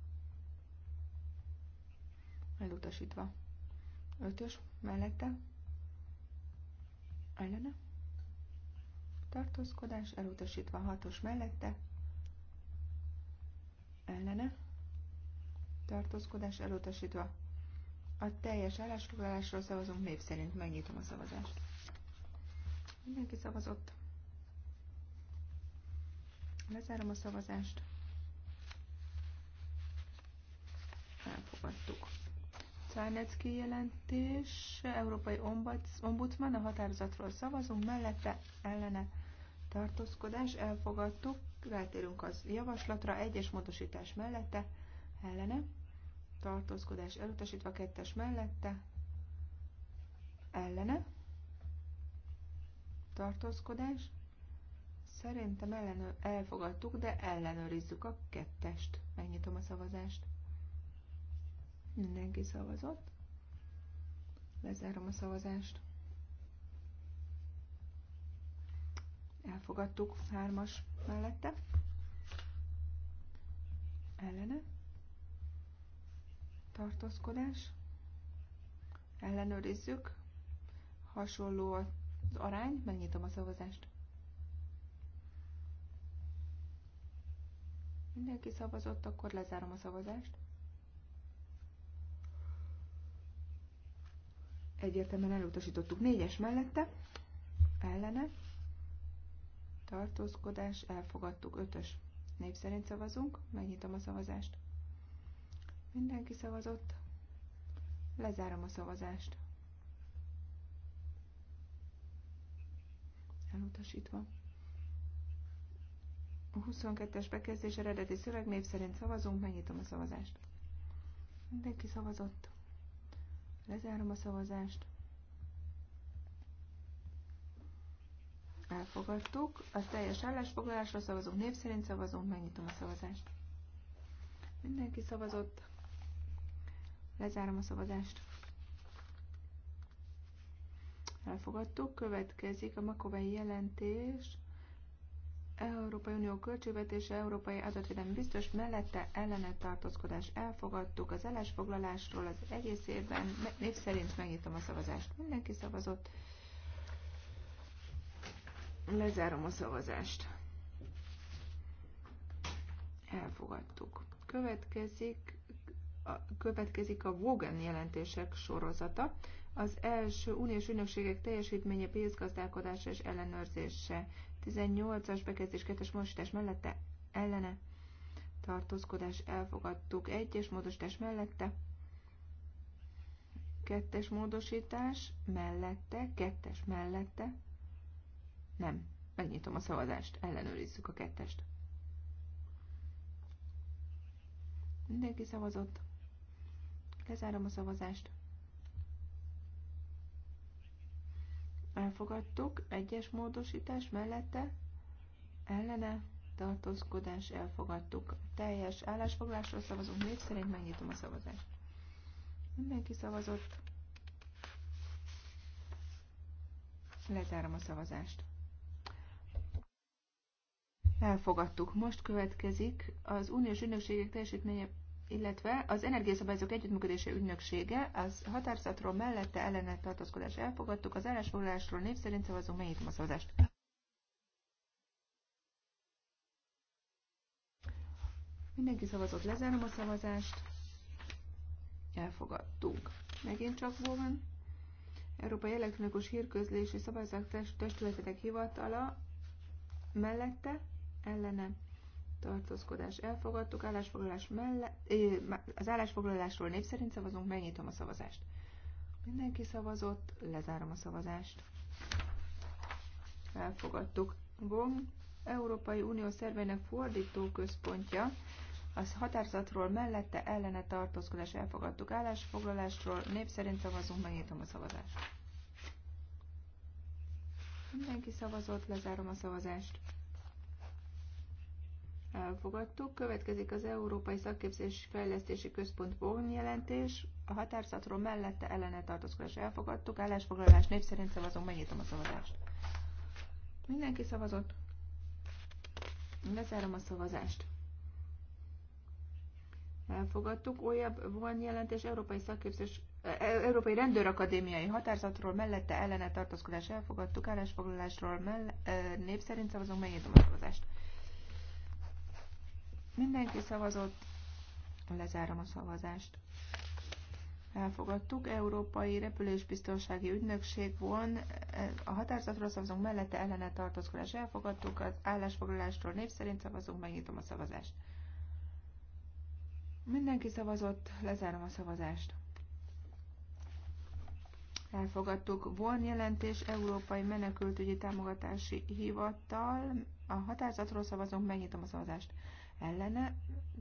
Elutasítva. Ötös, mellette. Ellene. Tartózkodás, elutasítva. Hatos, mellette. Ellene. Tartózkodás, elutasítva. A teljes állásfoglalásról szavazunk név szerint. Megnyitom a szavazást. Mindenki szavazott. Lezárom a szavazást. Elfogadtuk. Czárnecki jelentés, Európai Ombudsman, a határozatról szavazunk, mellette ellene tartózkodás, elfogadtuk, rátérünk az javaslatra, egyes módosítás mellette, ellene, tartózkodás elutasítva, kettes mellette, ellene, tartózkodás, szerintem ellenő, elfogadtuk, de ellenőrizzük a kettest. Megnyitom a szavazást. Mindenki szavazott. Lezárom a szavazást. Elfogadtuk hármas mellette. Ellene tartózkodás. Ellenőrizzük. Hasonló az arány, megnyitom a szavazást. Mindenki szavazott, akkor lezárom a szavazást. Egyértelműen elutasítottuk négyes mellette, ellene, tartózkodás, elfogadtuk ötös. Név szerint szavazunk, megnyitom a szavazást. Mindenki szavazott. Lezárom a szavazást. Elutasítva. A 22-es bekezdés eredeti szöveg név szerint szavazunk, megnyitom a szavazást. Mindenki szavazott. Lezárom a szavazást. Elfogadtuk. A teljes állásfoglalásra szavazunk, név szerint szavazunk, megnyitom a szavazást. Mindenki szavazott. Lezárom a szavazást. Elfogadtuk. Következik a Makovei jelentés. Európai Unió költségvetése, Európai Adatvédelmi Biztos mellette ellene tartózkodás elfogadtuk. Az ellensfoglalásról az egész évben név szerint megnyitom a szavazást. Mindenki szavazott. Lezárom a szavazást. Elfogadtuk. Következik következik a Vogan jelentések sorozata. Az első uniós ünnökségek teljesítménye, pénzgazdálkodása és ellenőrzése. 18-as bekezdés 2-es módosítás mellette ellene. Tartózkodás elfogadtuk 1-es módosítás mellette. 2-es módosítás mellette, 2-es mellette. Nem, megnyitom a szavazást, ellenőrizzük a kettest. Mindenki szavazott. Lezárom a szavazást. Elfogadtuk. Egyes módosítás mellette ellene tartózkodás elfogadtuk. Teljes állásfoglásról szavazunk. Név szerint megnyitom a szavazást. Mindenki szavazott. Lezárom a szavazást. Elfogadtuk. Most következik az uniós ügynökségek teljesítménye illetve az Energiaszabályozók Együttműködése Ügynöksége, az határozatról mellette ellene tartózkodás elfogadtuk, az állásfoglalásról név szerint szavazunk, melyik a szavazást. Mindenki szavazott, lezárom a szavazást. Elfogadtuk. Megint csak van. Európai Elektronikus Hírközlési Szabályozók Testületetek Hivatala mellette ellene tartózkodás elfogadtuk, állásfoglalás mellett, az állásfoglalásról név szerint szavazunk, megnyitom a szavazást. Mindenki szavazott, lezárom a szavazást. Elfogadtuk. Vom. Európai Unió szerveinek fordító központja, az határzatról mellette ellene tartózkodás elfogadtuk állásfoglalásról, név szerint szavazunk, megnyitom a szavazást. Mindenki szavazott, lezárom a szavazást elfogadtuk. Következik az Európai Szakképzés Fejlesztési Központ Bohn jelentés. A határszatról mellette ellene tartózkodás elfogadtuk. Állásfoglalás név szerint szavazunk. Megnyitom a szavazást. Mindenki szavazott. Lezárom a szavazást. Elfogadtuk. Újabb von jelentés Európai Szakképzés e, e, Európai Rendőrakadémiai Határzatról mellette ellene tartózkodás elfogadtuk, állásfoglalásról mell- e, név szerint szavazunk, megnyitom a szavazást. Mindenki szavazott, lezárom a szavazást. Elfogadtuk, Európai Repülésbiztonsági Ügynökség von, a határozatra szavazunk, mellette ellene tartózkodás elfogadtuk, az állásfoglalástól név szerint szavazunk, megnyitom a szavazást. Mindenki szavazott, lezárom a szavazást. Elfogadtuk. Von jelentés Európai Menekültügyi Támogatási Hivatal. A határozatról szavazunk, megnyitom a szavazást ellene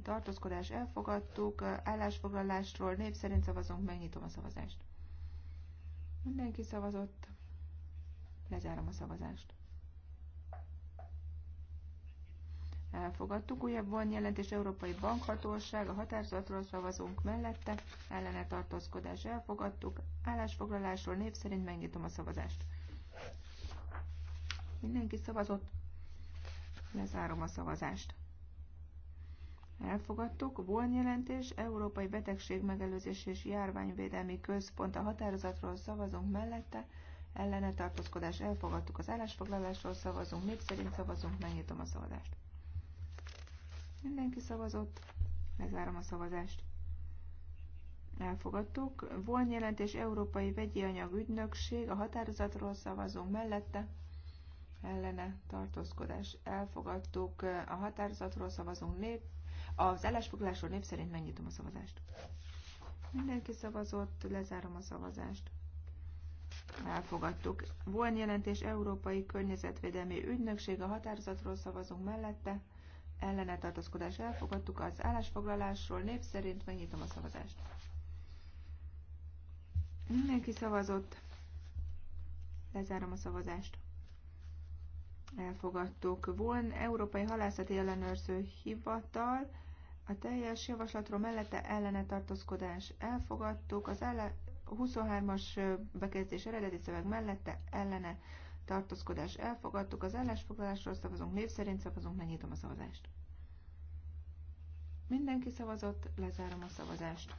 tartózkodás elfogadtuk, állásfoglalásról név szerint szavazunk, megnyitom a szavazást. Mindenki szavazott, lezárom a szavazást. Elfogadtuk újabb van jelentés Európai Bankhatóság, a határozatról szavazunk mellette, ellene tartózkodás elfogadtuk, állásfoglalásról név szerint megnyitom a szavazást. Mindenki szavazott, lezárom a szavazást. Elfogadtuk. Voln jelentés, Európai Betegség Megelőzés és Járványvédelmi Központ a határozatról szavazunk mellette, ellene tartózkodás elfogadtuk. Az állásfoglalásról szavazunk, még szerint szavazunk, megnyitom a szavazást. Mindenki szavazott, lezárom a szavazást. Elfogadtuk. Voln jelentés, Európai Vegyi Anyag Ügynökség, a határozatról szavazunk mellette, ellene tartózkodás elfogadtuk. A határozatról szavazunk nép, az állásfoglalásról név szerint megnyitom a szavazást. Mindenki szavazott, lezárom a szavazást. Elfogadtuk. Voln jelentés Európai Környezetvédelmi Ügynökség, a határozatról szavazunk mellette. Ellene tartózkodás elfogadtuk. Az állásfoglalásról név szerint megnyitom a szavazást. Mindenki szavazott. Lezárom a szavazást. Elfogadtuk. Voln Európai Halászati Ellenőrző Hivatal a teljes javaslatról mellette ellene tartózkodás elfogadtuk, az ele 23-as bekezdés eredeti szöveg mellette ellene tartózkodás elfogadtuk, az ellensfoglalásról szavazunk, név szerint szavazunk, megnyitom a szavazást. Mindenki szavazott, lezárom a szavazást.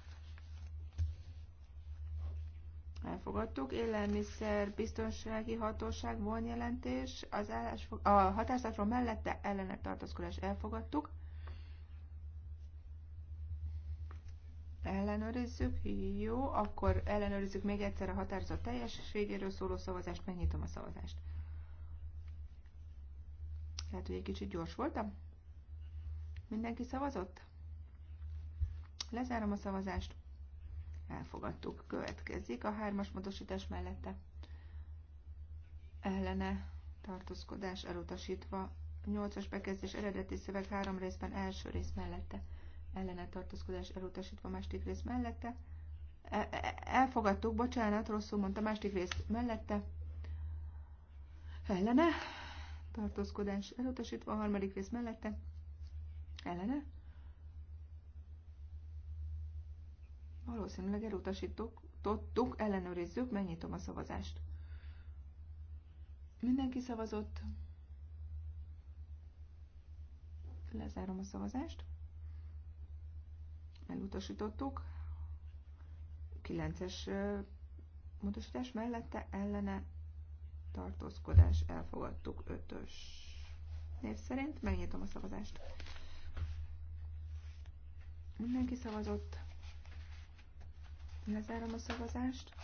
Elfogadtuk. Élelmiszer biztonsági hatóság vonjelentés. Az állásfog... A hatászatról mellette ellene tartózkodás elfogadtuk. Ellenőrizzük? Jó, akkor ellenőrizzük még egyszer a határozat teljességéről szóló szavazást, megnyitom a szavazást. Lehet, hogy egy kicsit gyors voltam. Mindenki szavazott? Lezárom a szavazást. Elfogadtuk. Következik a hármas módosítás mellette. Ellene tartózkodás elutasítva. Nyolcas bekezdés eredeti szöveg három részben első rész mellette ellene tartózkodás elutasítva másik rész mellette. E, e, elfogadtuk, bocsánat, rosszul mondta, másik rész mellette. Ellene. Tartózkodás elutasítva a harmadik rész mellette. Ellene. Valószínűleg elutasítottuk, ellenőrizzük, megnyitom a szavazást. Mindenki szavazott. Lezárom a szavazást elutasítottuk. 9-es módosítás mellette ellene tartózkodás elfogadtuk 5-ös név szerint. Megnyitom a szavazást. Mindenki szavazott. Lezárom a szavazást.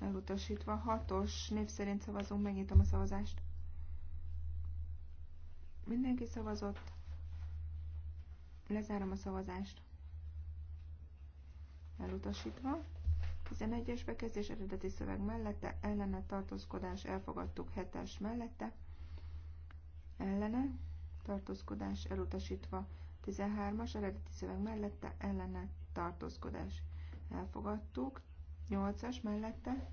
Elutasítva 6-os név szerint szavazunk, megnyitom a szavazást. Mindenki szavazott. Lezárom a szavazást. Elutasítva. 11-es bekezdés eredeti szöveg mellette, ellene tartózkodás elfogadtuk 7-es mellette, ellene tartózkodás elutasítva 13-as eredeti szöveg mellette, ellene tartózkodás elfogadtuk 8-as mellette,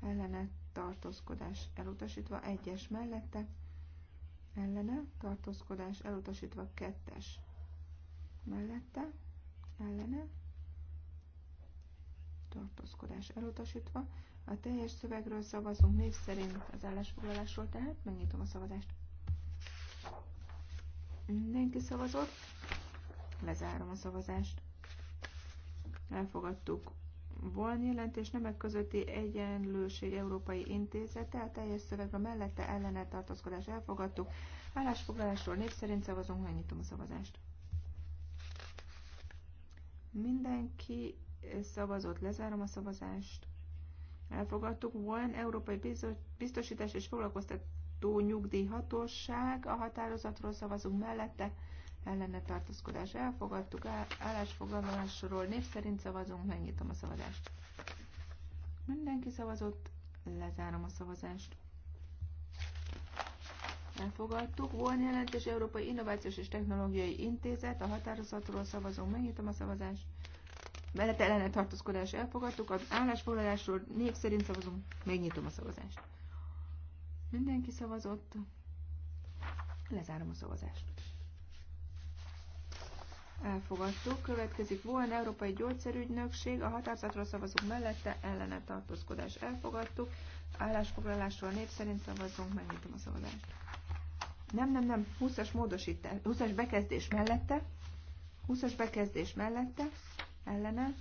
ellene tartózkodás elutasítva 1-es mellette, ellene tartózkodás elutasítva 2-es mellette, ellene, tartózkodás elutasítva. A teljes szövegről szavazunk név szerint az állásfoglalásról, tehát megnyitom a szavazást. Mindenki szavazott, lezárom a szavazást. Elfogadtuk Van jelentés nemek közötti egyenlőség Európai Intézete, a teljes szöveg a mellette ellene tartózkodás elfogadtuk. Állásfoglalásról név szerint szavazunk, megnyitom a szavazást. Mindenki szavazott, lezárom a szavazást. Elfogadtuk volna Európai Biztosítás és Foglalkoztató Nyugdíjhatóság. A határozatról szavazunk mellette. Ellene tartózkodás elfogadtuk. Állásfoglalásról név szerint szavazunk. Megnyitom a szavazást. Mindenki szavazott, lezárom a szavazást elfogadtuk. Volt jelentés Európai Innovációs és Technológiai Intézet, a határozatról szavazunk, megnyitom a szavazást. Mellett ellene tartózkodás elfogadtuk, az állásfoglalásról név szerint szavazunk, megnyitom a szavazást. Mindenki szavazott. Lezárom a szavazást. Elfogadtuk. Következik volna Európai Gyógyszerügynökség. A határozatról szavazunk mellette, ellene tartózkodás elfogadtuk. Állásfoglalásról név szerint szavazunk, megnyitom a szavazást. Nem, nem, nem, 20-as módosítás, 20-as bekezdés mellette, 20-as bekezdés mellette, ellene,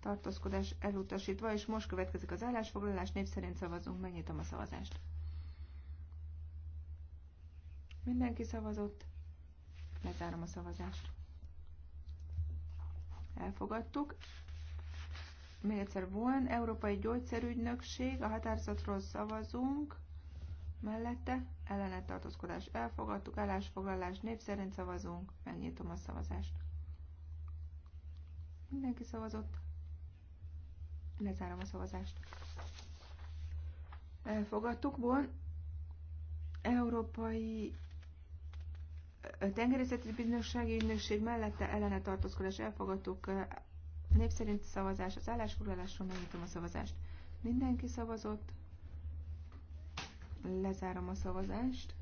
tartózkodás elutasítva, és most következik az állásfoglalás, név szerint szavazunk, megnyitom a szavazást. Mindenki szavazott, lezárom a szavazást. Elfogadtuk. Még egyszer volna, Európai Gyógyszerügynökség, a határozatról szavazunk mellette, ellene tartózkodás elfogadtuk, állásfoglalás név szerint szavazunk, megnyitom a szavazást. Mindenki szavazott. Lezárom a szavazást. Elfogadtuk, volna Európai Tengerészeti Biztonsági Ügynökség mellette ellene tartózkodás elfogadtuk. Népszerint szavazás az állásfoglalásról, megnyitom a szavazást. Mindenki szavazott. Lezárom a szavazást.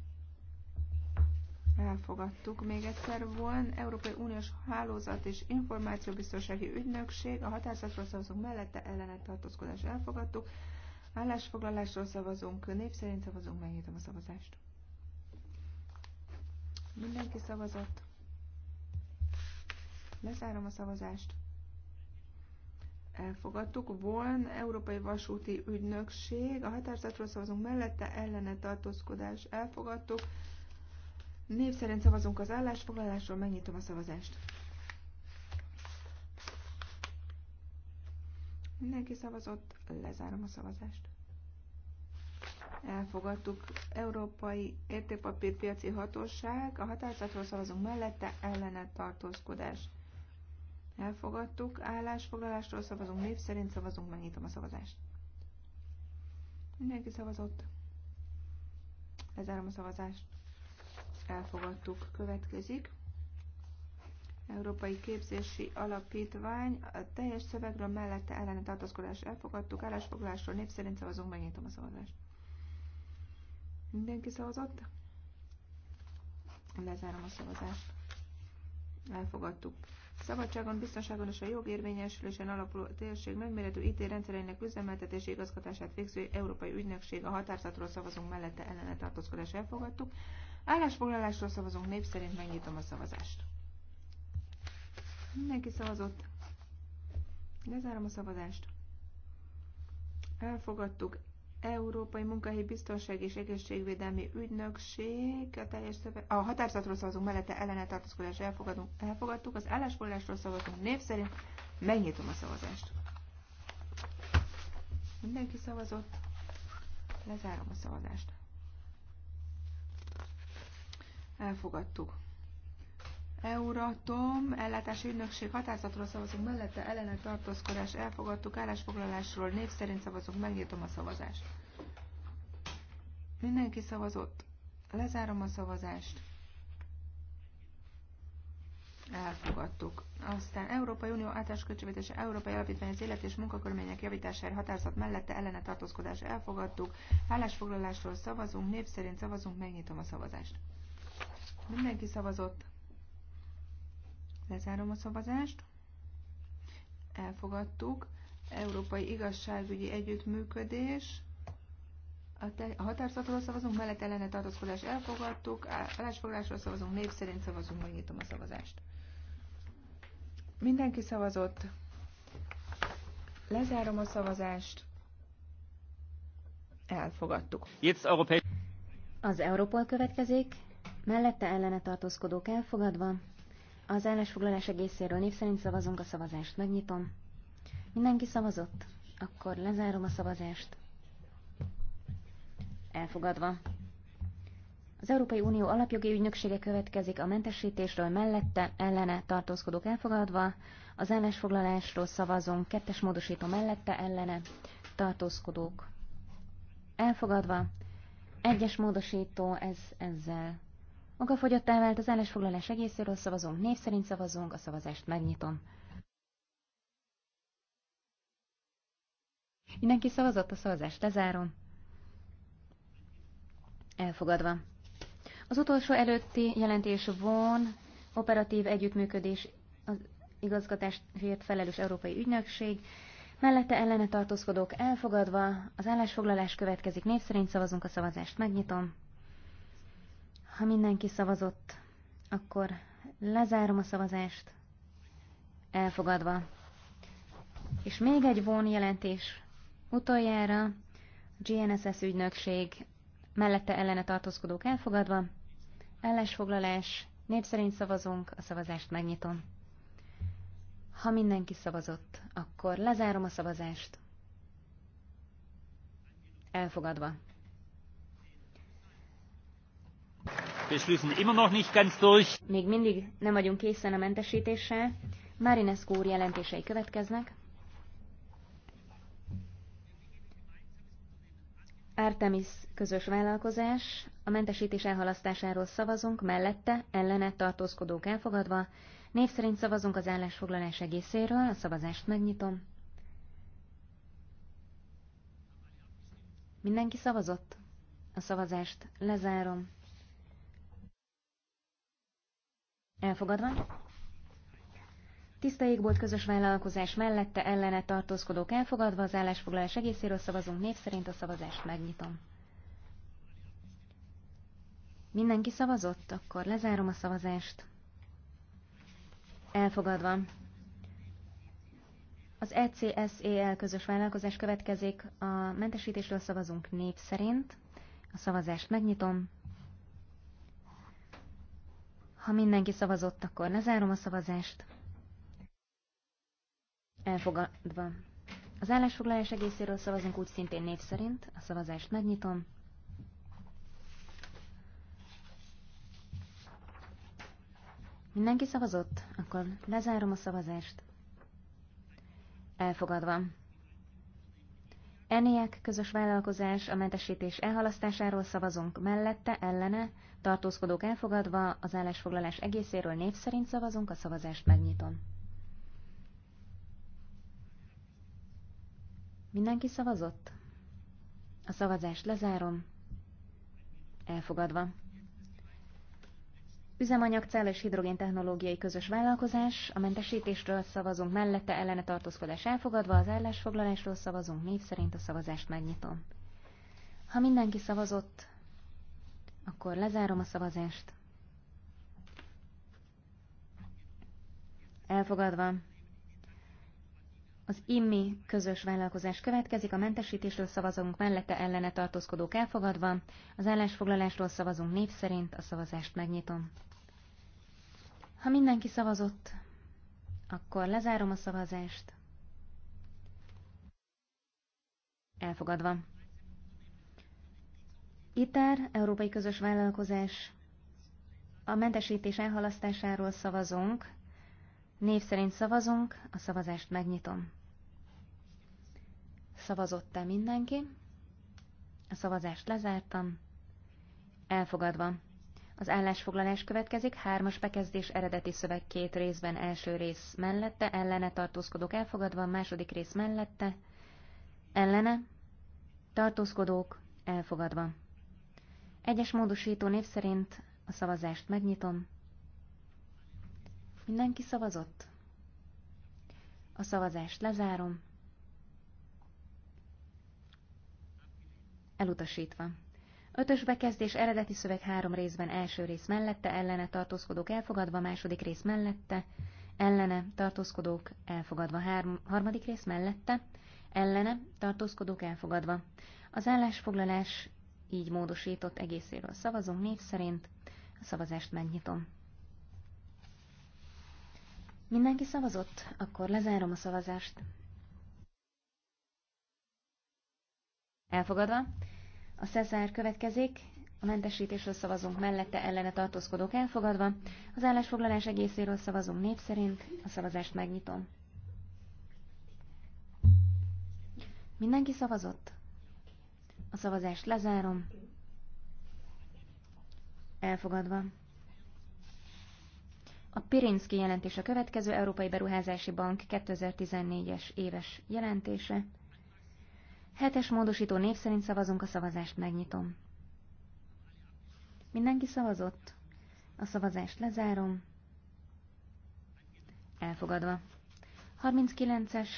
Elfogadtuk még egyszer volna. Európai Uniós Hálózat és Információbiztonsági Ügynökség. A határozatról szavazunk mellette ellenet tartózkodás elfogadtuk. Állásfoglalásról szavazunk, név szerint szavazunk, megnyitom a szavazást. Mindenki szavazott. Lezárom a szavazást elfogadtuk. Von Európai Vasúti Ügynökség, a határozatról szavazunk mellette, ellene tartózkodás elfogadtuk. Név szerint szavazunk az állásfoglalásról, megnyitom a szavazást. Mindenki szavazott, lezárom a szavazást. Elfogadtuk Európai Értékpapírpiaci Hatóság, a határozatról szavazunk mellette, ellene tartózkodás Elfogadtuk. Állásfoglalásról szavazunk. Név szerint szavazunk. Megnyitom a szavazást. Mindenki szavazott. Lezárom a szavazást. Elfogadtuk. Következik. Európai Képzési Alapítvány. A teljes szövegről mellette ellene tartózkodás elfogadtuk. Állásfoglalásról név szerint szavazunk. Megnyitom a szavazást. Mindenki szavazott? Lezárom a szavazást. Elfogadtuk szabadságon, biztonságon és a jogérvényesülésen alapuló térség nagyméretű IT rendszereinek üzemeltetési igazgatását végző Európai Ügynökség a határzatról szavazunk mellette ellene tartózkodás elfogadtuk. Állásfoglalásról szavazunk név szerint megnyitom a szavazást. Mindenki szavazott. Lezárom a szavazást. Elfogadtuk Európai Munkahelyi Biztonság és Egészségvédelmi Ügynökség, a, teljes szöveg, a határozatról szavazunk mellette ellene tartózkodás elfogadunk, elfogadtuk, az állásfoglalásról szavazunk név szerint, megnyitom a szavazást. Mindenki szavazott, lezárom a szavazást. Elfogadtuk. Euratom ellátási ügynökség határozatról szavazunk mellette, ellene tartózkodás elfogadtuk, állásfoglalásról név szerint szavazunk, megnyitom a szavazást. Mindenki szavazott. Lezárom a szavazást. Elfogadtuk. Aztán Európai Unió általános költségvetése, Európai Alapítvány az élet és munkakörmények javítására határozat mellette ellene tartózkodás elfogadtuk. Állásfoglalásról szavazunk, név szerint szavazunk, megnyitom a szavazást. Mindenki szavazott. Lezárom a szavazást. Elfogadtuk. Európai Igazságügyi Együttműködés. A, te, a határozatról szavazunk, mellett ellene tartózkodás elfogadtuk, állásfoglalásról szavazunk, név szerint szavazunk, megnyitom a szavazást. Mindenki szavazott. Lezárom a szavazást. Elfogadtuk. Az Európol következik, mellette ellene tartózkodók elfogadva, az állásfoglalás egészéről név szerint szavazunk a szavazást. Megnyitom. Mindenki szavazott? Akkor lezárom a szavazást. Elfogadva. Az Európai Unió alapjogi ügynöksége következik a mentesítésről mellette, ellene tartózkodók elfogadva, az állásfoglalásról szavazunk kettes módosító mellette, ellene tartózkodók elfogadva, egyes módosító ez ezzel maga fogyott elvált az állásfoglalás egészéről szavazunk, név szerint szavazunk, a szavazást megnyitom. Mindenki szavazott, a szavazást lezárom. Elfogadva. Az utolsó előtti jelentés von operatív együttműködés az igazgatásért felelős Európai Ügynökség, mellette ellene tartózkodók elfogadva, az állásfoglalás következik, név szerint szavazunk, a szavazást megnyitom. Ha mindenki szavazott, akkor lezárom a szavazást. Elfogadva. És még egy von jelentés. Utoljára GNSS ügynökség mellette ellene tartózkodók elfogadva. Ellesfoglalás. Név szerint szavazunk, a szavazást megnyitom. Ha mindenki szavazott, akkor lezárom a szavazást. Elfogadva. Még mindig nem vagyunk készen a mentesítéssel. Marinescu úr jelentései következnek. Artemis közös vállalkozás, a mentesítés elhalasztásáról szavazunk, mellette ellene tartózkodók elfogadva, név szerint szavazunk az állásfoglalás egészéről, a szavazást megnyitom. Mindenki szavazott? A szavazást lezárom. Elfogadva. Tiszta égbolt közös vállalkozás mellette ellene tartózkodók elfogadva, az állásfoglalás egészéről szavazunk név szerint a szavazást megnyitom. Mindenki szavazott? Akkor lezárom a szavazást. Elfogadva. Az ECSEL közös vállalkozás következik. A mentesítésről szavazunk név szerint. A szavazást megnyitom. Ha mindenki szavazott, akkor lezárom a szavazást. Elfogadva. Az állásfoglalás egészéről szavazunk úgy szintén név szerint. A szavazást megnyitom. Mindenki szavazott? Akkor lezárom a szavazást. Elfogadva. Eniek közös vállalkozás a mentesítés elhalasztásáról szavazunk mellette, ellene, tartózkodók elfogadva, az állásfoglalás egészéről név szerint szavazunk, a szavazást megnyitom. Mindenki szavazott? A szavazást lezárom. Elfogadva. Üzemanyagcell és hidrogén technológiai közös vállalkozás, a mentesítésről szavazunk mellette, ellene tartózkodás elfogadva, az állásfoglalásról szavazunk név szerint a szavazást megnyitom. Ha mindenki szavazott, akkor lezárom a szavazást. Elfogadva. Az IMMI közös vállalkozás következik, a mentesítésről szavazunk mellette ellene tartózkodók elfogadva, az állásfoglalásról szavazunk név szerint, a szavazást megnyitom. Ha mindenki szavazott, akkor lezárom a szavazást. Elfogadva. ITER, Európai Közös Vállalkozás, a mentesítés elhalasztásáról szavazunk. Név szerint szavazunk, a szavazást megnyitom. Szavazott-e mindenki? A szavazást lezártam. Elfogadva. Az állásfoglalás következik, hármas bekezdés eredeti szöveg két részben, első rész mellette, ellene tartózkodók elfogadva, második rész mellette, ellene tartózkodók elfogadva. Egyes módosító név szerint a szavazást megnyitom. Mindenki szavazott? A szavazást lezárom. Elutasítva. Ötös bekezdés eredeti szöveg három részben első rész mellette, ellene tartózkodók elfogadva, második rész mellette, ellene tartózkodók elfogadva, három, harmadik rész mellette, ellene tartózkodók elfogadva. Az állásfoglalás így módosított egészéről szavazunk név szerint. A szavazást megnyitom. Mindenki szavazott? Akkor lezárom a szavazást. Elfogadva. A szezár következik. A mentesítésről szavazunk mellette, ellene tartózkodók elfogadva. Az állásfoglalás egészéről szavazunk név szerint. A szavazást megnyitom. Mindenki szavazott? A szavazást lezárom. Elfogadva. A Pirinszki jelentés a következő Európai Beruházási Bank 2014-es éves jelentése. Hetes módosító név szerint szavazunk, a szavazást megnyitom. Mindenki szavazott? A szavazást lezárom. Elfogadva. 39-es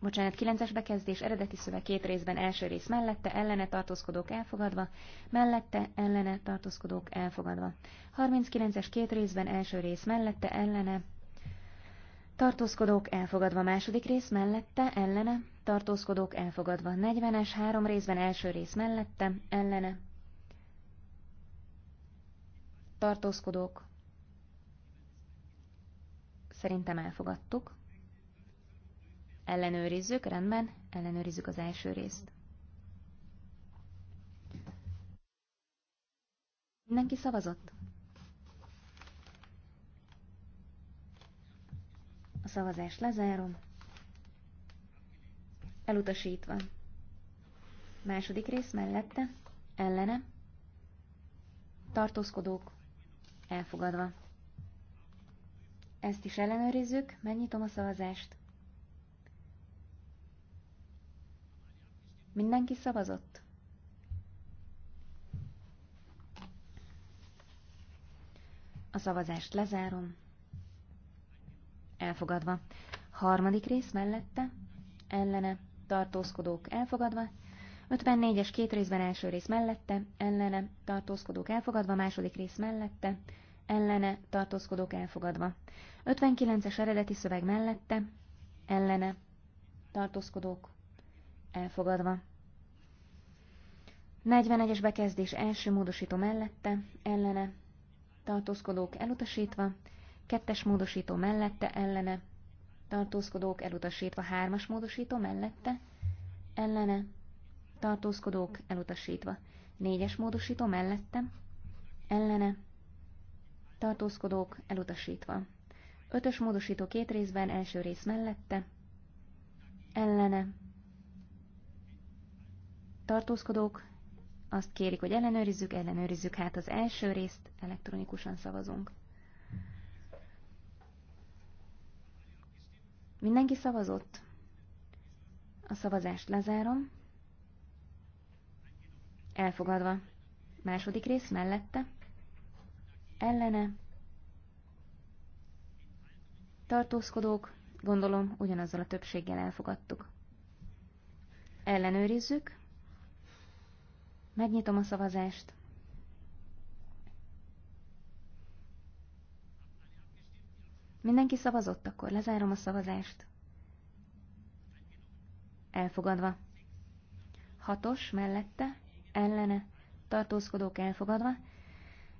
bocsánat, 9-es bekezdés, eredeti szöveg két részben, első rész mellette, ellene tartózkodók elfogadva, mellette, ellene tartózkodók elfogadva. 39-es két részben, első rész mellette, ellene tartózkodók elfogadva, második rész mellette, ellene tartózkodók elfogadva. 40-es három részben, első rész mellette, ellene tartózkodók. Szerintem elfogadtuk. Ellenőrizzük, rendben, ellenőrizzük az első részt. Mindenki szavazott? A szavazás lezárom. Elutasítva. Második rész mellette, ellene. Tartózkodók, elfogadva. Ezt is ellenőrizzük, megnyitom a szavazást. Mindenki szavazott? A szavazást lezárom. Elfogadva. Harmadik rész mellette, ellene, tartózkodók elfogadva. 54-es két részben első rész mellette, ellene, tartózkodók elfogadva, második rész mellette, ellene, tartózkodók elfogadva. 59-es eredeti szöveg mellette, ellene, tartózkodók elfogadva. 41-es bekezdés első módosító mellette, ellene, tartózkodók elutasítva, kettes módosító mellette, ellene, tartózkodók elutasítva, hármas módosító mellette, ellene, tartózkodók elutasítva, négyes módosító mellette, ellene, tartózkodók elutasítva, ötös módosító két részben, első rész mellette, ellene, tartózkodók azt kérik, hogy ellenőrizzük, ellenőrizzük hát az első részt, elektronikusan szavazunk. Mindenki szavazott? A szavazást lezárom. Elfogadva. Második rész mellette. Ellene. Tartózkodók, gondolom, ugyanazzal a többséggel elfogadtuk. Ellenőrizzük. Megnyitom a szavazást. Mindenki szavazott, akkor lezárom a szavazást. Elfogadva. Hatos mellette, ellene, tartózkodók elfogadva.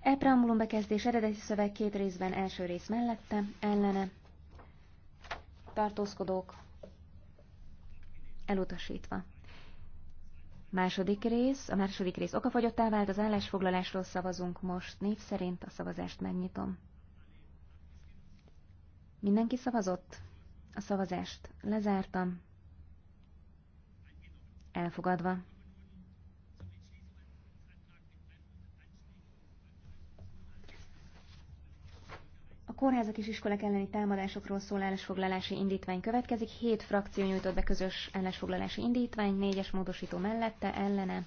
E preambulum bekezdés eredeti szöveg két részben első rész mellette, ellene, tartózkodók elutasítva. Második rész. A második rész okafogyottá vált, az állásfoglalásról szavazunk most. Név szerint a szavazást megnyitom. Mindenki szavazott? A szavazást lezártam. Elfogadva. kórházak és iskolák elleni támadásokról szól állásfoglalási indítvány következik. Hét frakció nyújtott be közös állásfoglalási indítvány, négyes módosító mellette, ellene,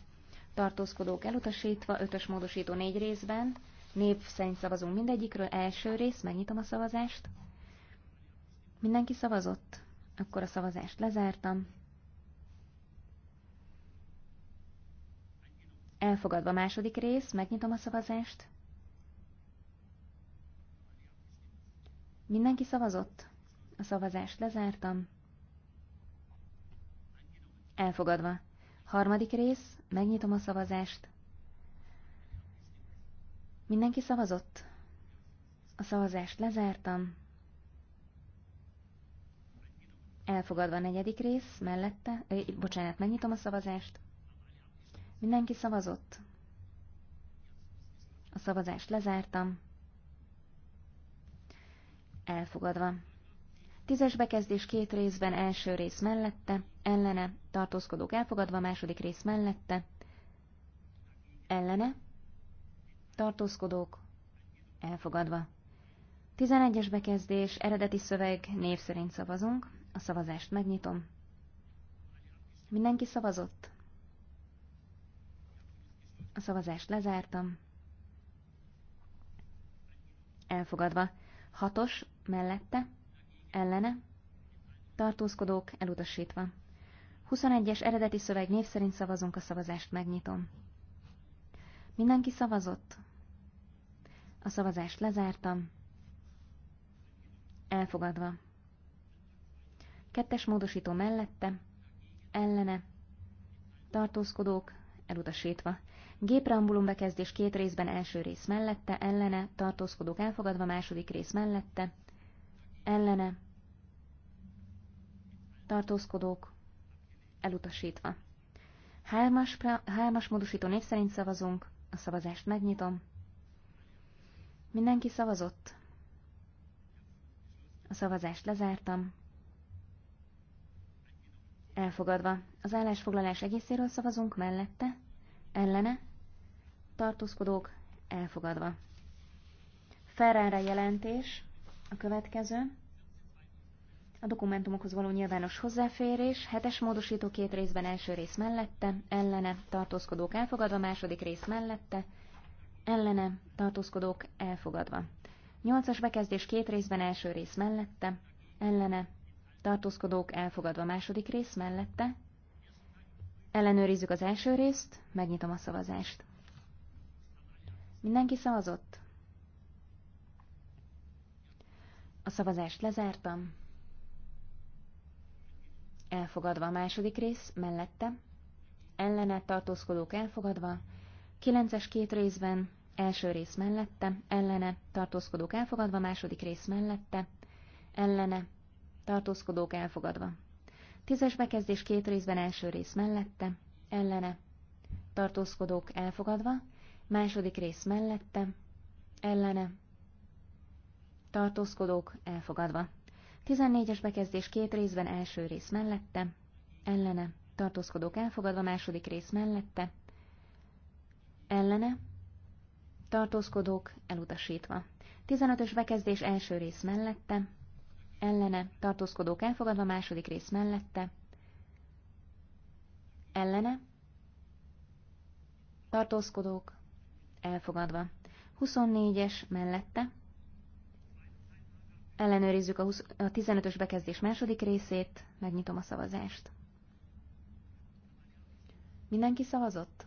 tartózkodók elutasítva, ötös módosító négy részben, név szerint szavazunk mindegyikről, első rész, megnyitom a szavazást. Mindenki szavazott? Akkor a szavazást lezártam. Elfogadva második rész, megnyitom a szavazást. Mindenki szavazott? A szavazást lezártam. Elfogadva. Harmadik rész, megnyitom a szavazást. Mindenki szavazott? A szavazást lezártam. Elfogadva a negyedik rész, mellette, ö, bocsánat, megnyitom a szavazást. Mindenki szavazott. A szavazást lezártam. Elfogadva. Tízes bekezdés két részben, első rész mellette, ellene, tartózkodók elfogadva, második rész mellette, ellene, tartózkodók elfogadva. Tizenegyes bekezdés, eredeti szöveg, név szerint szavazunk, a szavazást megnyitom. Mindenki szavazott? A szavazást lezártam. Elfogadva. Hatos mellette, ellene, tartózkodók elutasítva. 21-es eredeti szöveg név szerint szavazunk, a szavazást megnyitom. Mindenki szavazott? A szavazást lezártam. Elfogadva. Kettes módosító mellette, ellene, tartózkodók, elutasítva. Gépreambulum bekezdés két részben első rész mellette, ellene, tartózkodók elfogadva második rész mellette, ellene tartózkodók elutasítva. Hármas, hármas módosító név szerint szavazunk, a szavazást megnyitom. Mindenki szavazott. A szavazást lezártam. Elfogadva. Az állásfoglalás egészéről szavazunk mellette, ellene, tartózkodók, elfogadva. Ferrara jelentés, a következő. A dokumentumokhoz való nyilvános hozzáférés, hetes módosító két részben első rész mellette, ellene, tartózkodók elfogadva, második rész mellette, ellene, tartózkodók elfogadva. Nyolcas bekezdés két részben első rész mellette, ellene, tartózkodók elfogadva második rész mellette. Ellenőrizzük az első részt, megnyitom a szavazást. Mindenki szavazott? A szavazást lezártam. Elfogadva a második rész, mellette. Ellene tartózkodók elfogadva. Kilences két részben, első rész mellette, ellene tartózkodók elfogadva, második rész mellette, ellene tartózkodók elfogadva. Tízes bekezdés két részben, első rész mellette, ellene tartózkodók elfogadva, második rész mellette, ellene tartózkodók elfogadva. 14-es bekezdés két részben első rész mellette, ellene, tartózkodók elfogadva második rész mellette, ellene, tartózkodók elutasítva. 15-ös bekezdés első rész mellette, ellene, tartózkodók elfogadva második rész mellette, ellene, tartózkodók elfogadva. 24-es mellette, Ellenőrizzük a, 20, a 15-ös bekezdés második részét, megnyitom a szavazást. Mindenki szavazott?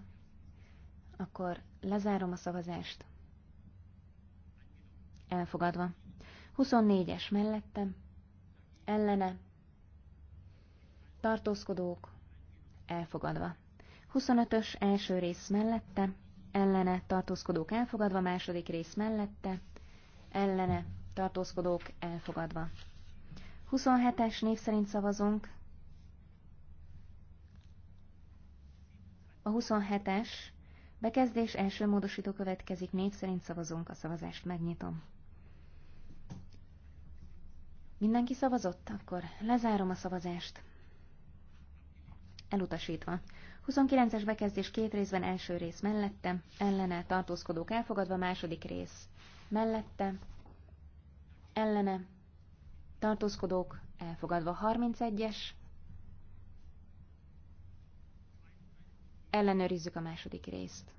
Akkor lezárom a szavazást. Elfogadva. 24-es mellette, ellene, tartózkodók, elfogadva. 25-ös első rész mellette, ellene, tartózkodók elfogadva, második rész mellette, ellene, tartózkodók elfogadva. 27-es név szerint szavazunk. A 27-es bekezdés első módosító következik, név szerint szavazunk, a szavazást megnyitom. Mindenki szavazott? Akkor lezárom a szavazást. Elutasítva. 29-es bekezdés két részben első rész mellette, ellene tartózkodók elfogadva második rész mellette, ellene, tartózkodók elfogadva 31-es, ellenőrizzük a második részt.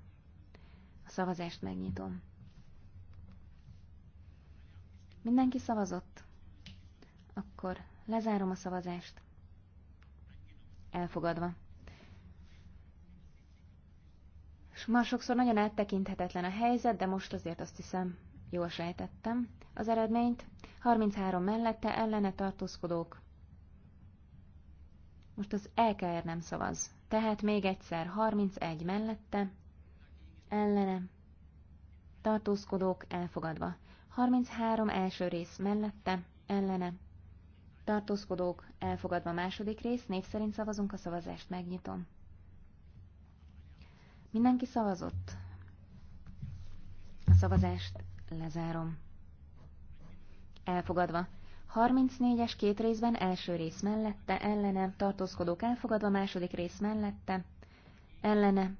A szavazást megnyitom. Mindenki szavazott? Akkor lezárom a szavazást. Elfogadva. És már sokszor nagyon áttekinthetetlen a helyzet, de most azért azt hiszem, Jól sejtettem. Az eredményt 33 mellette ellene tartózkodók. Most az LKR nem szavaz. Tehát még egyszer 31 mellette ellene tartózkodók elfogadva. 33 első rész mellette ellene tartózkodók elfogadva második rész. Név szerint szavazunk a szavazást. Megnyitom. Mindenki szavazott. A szavazást Lezárom. Elfogadva. 34-es két részben első rész mellette, ellene, tartózkodók elfogadva, második rész mellette, ellene,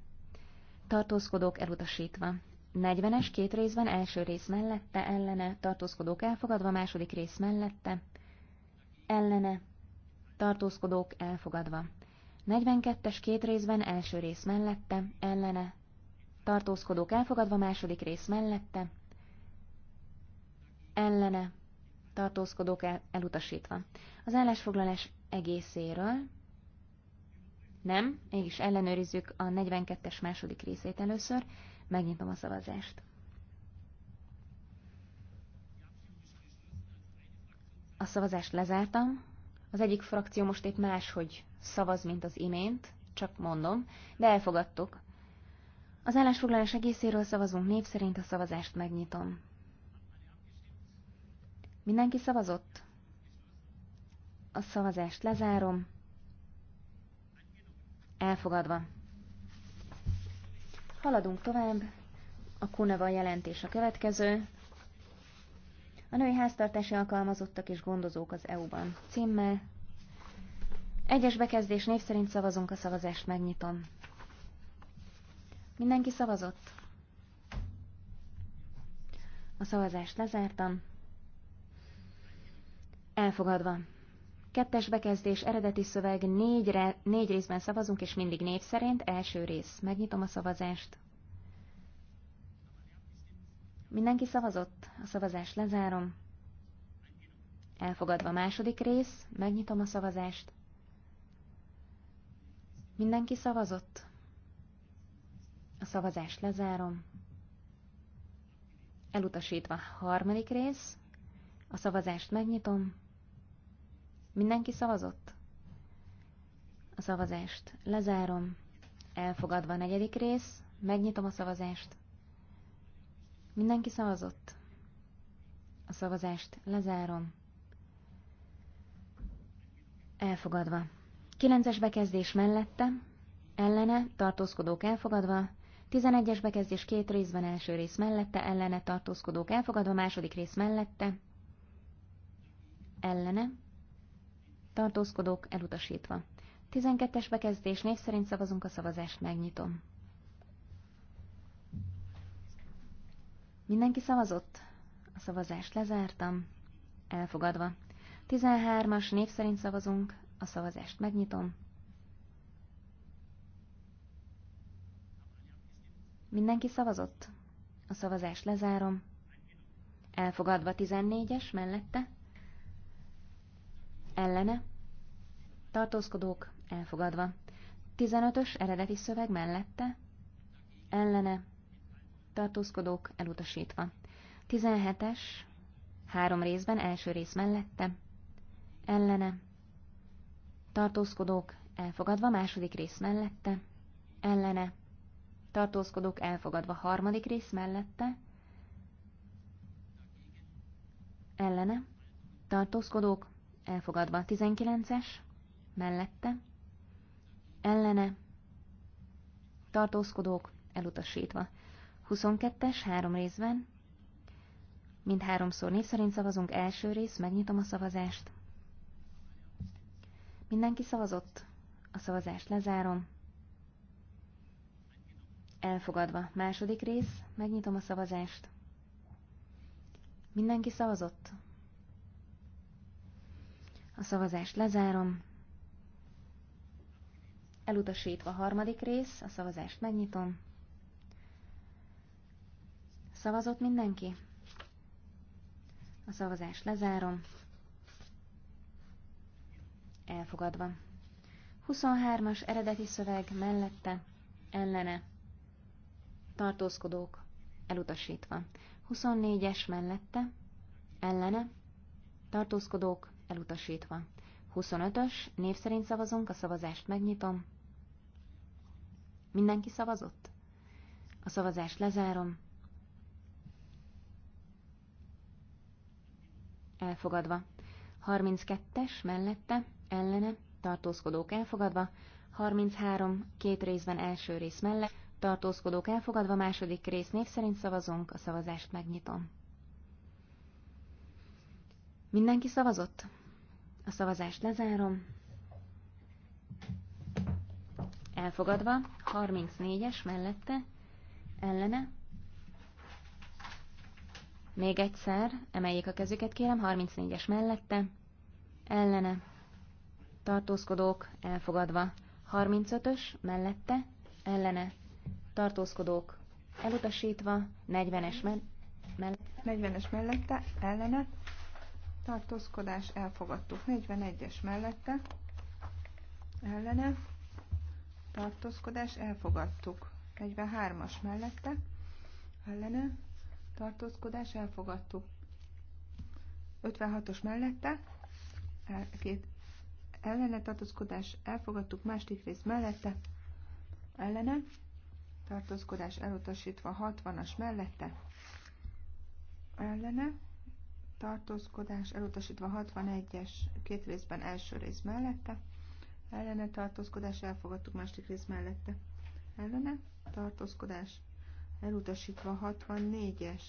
tartózkodók elutasítva. 40-es két részben első rész mellette, ellene, tartózkodók elfogadva, második rész mellette, ellene, tartózkodók elfogadva. 42-es két részben első rész mellette, ellene, tartózkodók elfogadva, második rész mellette, ellene tartózkodók el, elutasítva. Az állásfoglalás egészéről nem, mégis ellenőrizzük a 42-es második részét először, megnyitom a szavazást. A szavazást lezártam. Az egyik frakció most épp máshogy szavaz, mint az imént, csak mondom, de elfogadtuk. Az állásfoglalás egészéről szavazunk népszerint a szavazást megnyitom. Mindenki szavazott? A szavazást lezárom. Elfogadva. Haladunk tovább. A Kuneva jelentés a következő. A női háztartási alkalmazottak és gondozók az EU-ban címmel. Egyes bekezdés név szerint szavazunk a szavazást, megnyitom. Mindenki szavazott? A szavazást lezártam. Elfogadva. Kettes bekezdés eredeti szöveg négyre, négy részben szavazunk, és mindig név szerint. Első rész. Megnyitom a szavazást. Mindenki szavazott? A szavazást lezárom. Elfogadva második rész, megnyitom a szavazást. Mindenki szavazott? A szavazást lezárom. Elutasítva harmadik rész, a szavazást megnyitom. Mindenki szavazott? A szavazást lezárom. Elfogadva a negyedik rész, megnyitom a szavazást. Mindenki szavazott? A szavazást lezárom. Elfogadva. Kilences bekezdés mellette, ellene, tartózkodók elfogadva, 11-es bekezdés két részben első rész mellette, ellene tartózkodók elfogadva, második rész mellette, ellene, tartózkodók elutasítva. 12-es bekezdés név szerint szavazunk a szavazást, megnyitom. Mindenki szavazott? A szavazást lezártam. Elfogadva. 13-as név szerint szavazunk, a szavazást megnyitom. Mindenki szavazott? A szavazást lezárom. Elfogadva 14-es mellette ellene, tartózkodók elfogadva. 15-ös eredeti szöveg mellette, ellene, tartózkodók elutasítva. 17-es, három részben, első rész mellette, ellene, tartózkodók elfogadva, második rész mellette, ellene, tartózkodók elfogadva, harmadik rész mellette, ellene, tartózkodók elfogadva. 19-es, mellette, ellene, tartózkodók, elutasítva. 22-es, három részben, mind háromszor név szerint szavazunk, első rész, megnyitom a szavazást. Mindenki szavazott? A szavazást lezárom. Elfogadva. Második rész, megnyitom a szavazást. Mindenki szavazott? A szavazást lezárom. Elutasítva a harmadik rész, a szavazást megnyitom. Szavazott mindenki? A szavazást lezárom. Elfogadva. 23-as eredeti szöveg mellette, ellene. Tartózkodók, elutasítva. 24-es mellette, ellene. Tartózkodók, elutasítva. 25-ös, név szerint szavazunk, a szavazást megnyitom. Mindenki szavazott? A szavazást lezárom. Elfogadva. 32-es, mellette, ellene, tartózkodók elfogadva. 33, két részben első rész mellett, tartózkodók elfogadva, második rész név szerint szavazunk, a szavazást megnyitom. Mindenki szavazott? A szavazást lezárom. Elfogadva, 34-es mellette, ellene. Még egyszer, emeljék a kezüket, kérem, 34-es mellette, ellene. Tartózkodók, elfogadva. 35-ös mellette, ellene. Tartózkodók, elutasítva. 40-es mellette. 40-es mellette, ellene tartózkodás, elfogadtuk. 41-es mellette, ellene, tartózkodás, elfogadtuk. 43-as mellette, ellene, tartózkodás, elfogadtuk. 56-os mellette, el, két, ellene tartózkodás, elfogadtuk, másik rész mellette, ellene, tartózkodás elutasítva, 60-as mellette, ellene, tartózkodás elutasítva 61-es két részben első rész mellette, ellene tartózkodás elfogadtuk második rész mellette, ellene tartózkodás elutasítva 64-es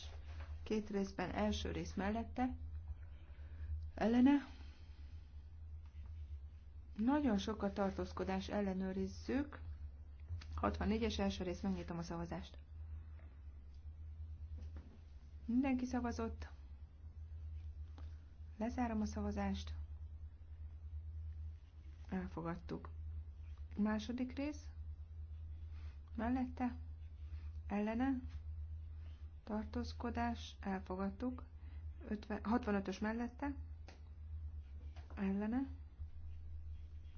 két részben első rész mellette, ellene nagyon sok a tartózkodás ellenőrizzük, 64-es első rész, megnyitom a szavazást. Mindenki szavazott. Lezárom a szavazást. Elfogadtuk. Második rész. Mellette. Ellene. Tartózkodás. Elfogadtuk. 65-ös mellette. Ellene.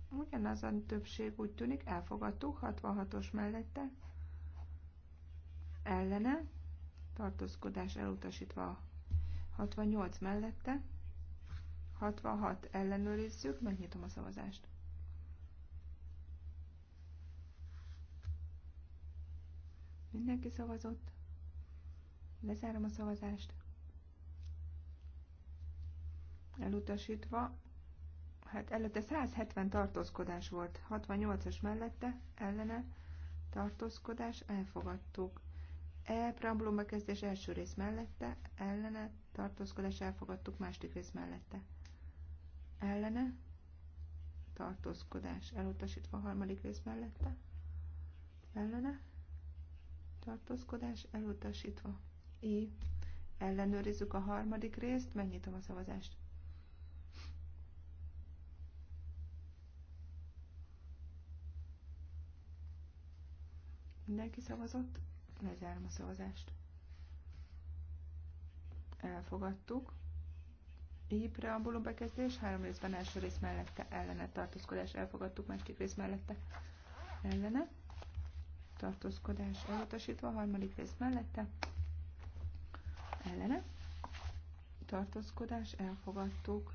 Ugyanaz a többség úgy tűnik. Elfogadtuk. 66-os mellette. Ellene. Tartózkodás elutasítva. 68 mellette 66 ellenőrizzük, megnyitom a szavazást. Mindenki szavazott. Lezárom a szavazást. Elutasítva, hát előtte 170 tartózkodás volt, 68-as mellette, ellene, tartózkodás, elfogadtuk. E preambulum bekezdés első rész mellette, ellene, tartózkodás, elfogadtuk második rész mellette ellene, tartózkodás elutasítva a harmadik rész mellette, ellene, tartózkodás elutasítva. I. Ellenőrizzük a harmadik részt, megnyitom a szavazást. Mindenki szavazott, lezárom a szavazást. Elfogadtuk. I preambuló bekezdés, három részben első rész mellette ellene tartózkodás elfogadtuk, másik rész mellette ellene tartózkodás elutasítva, harmadik rész mellette ellene tartózkodás elfogadtuk,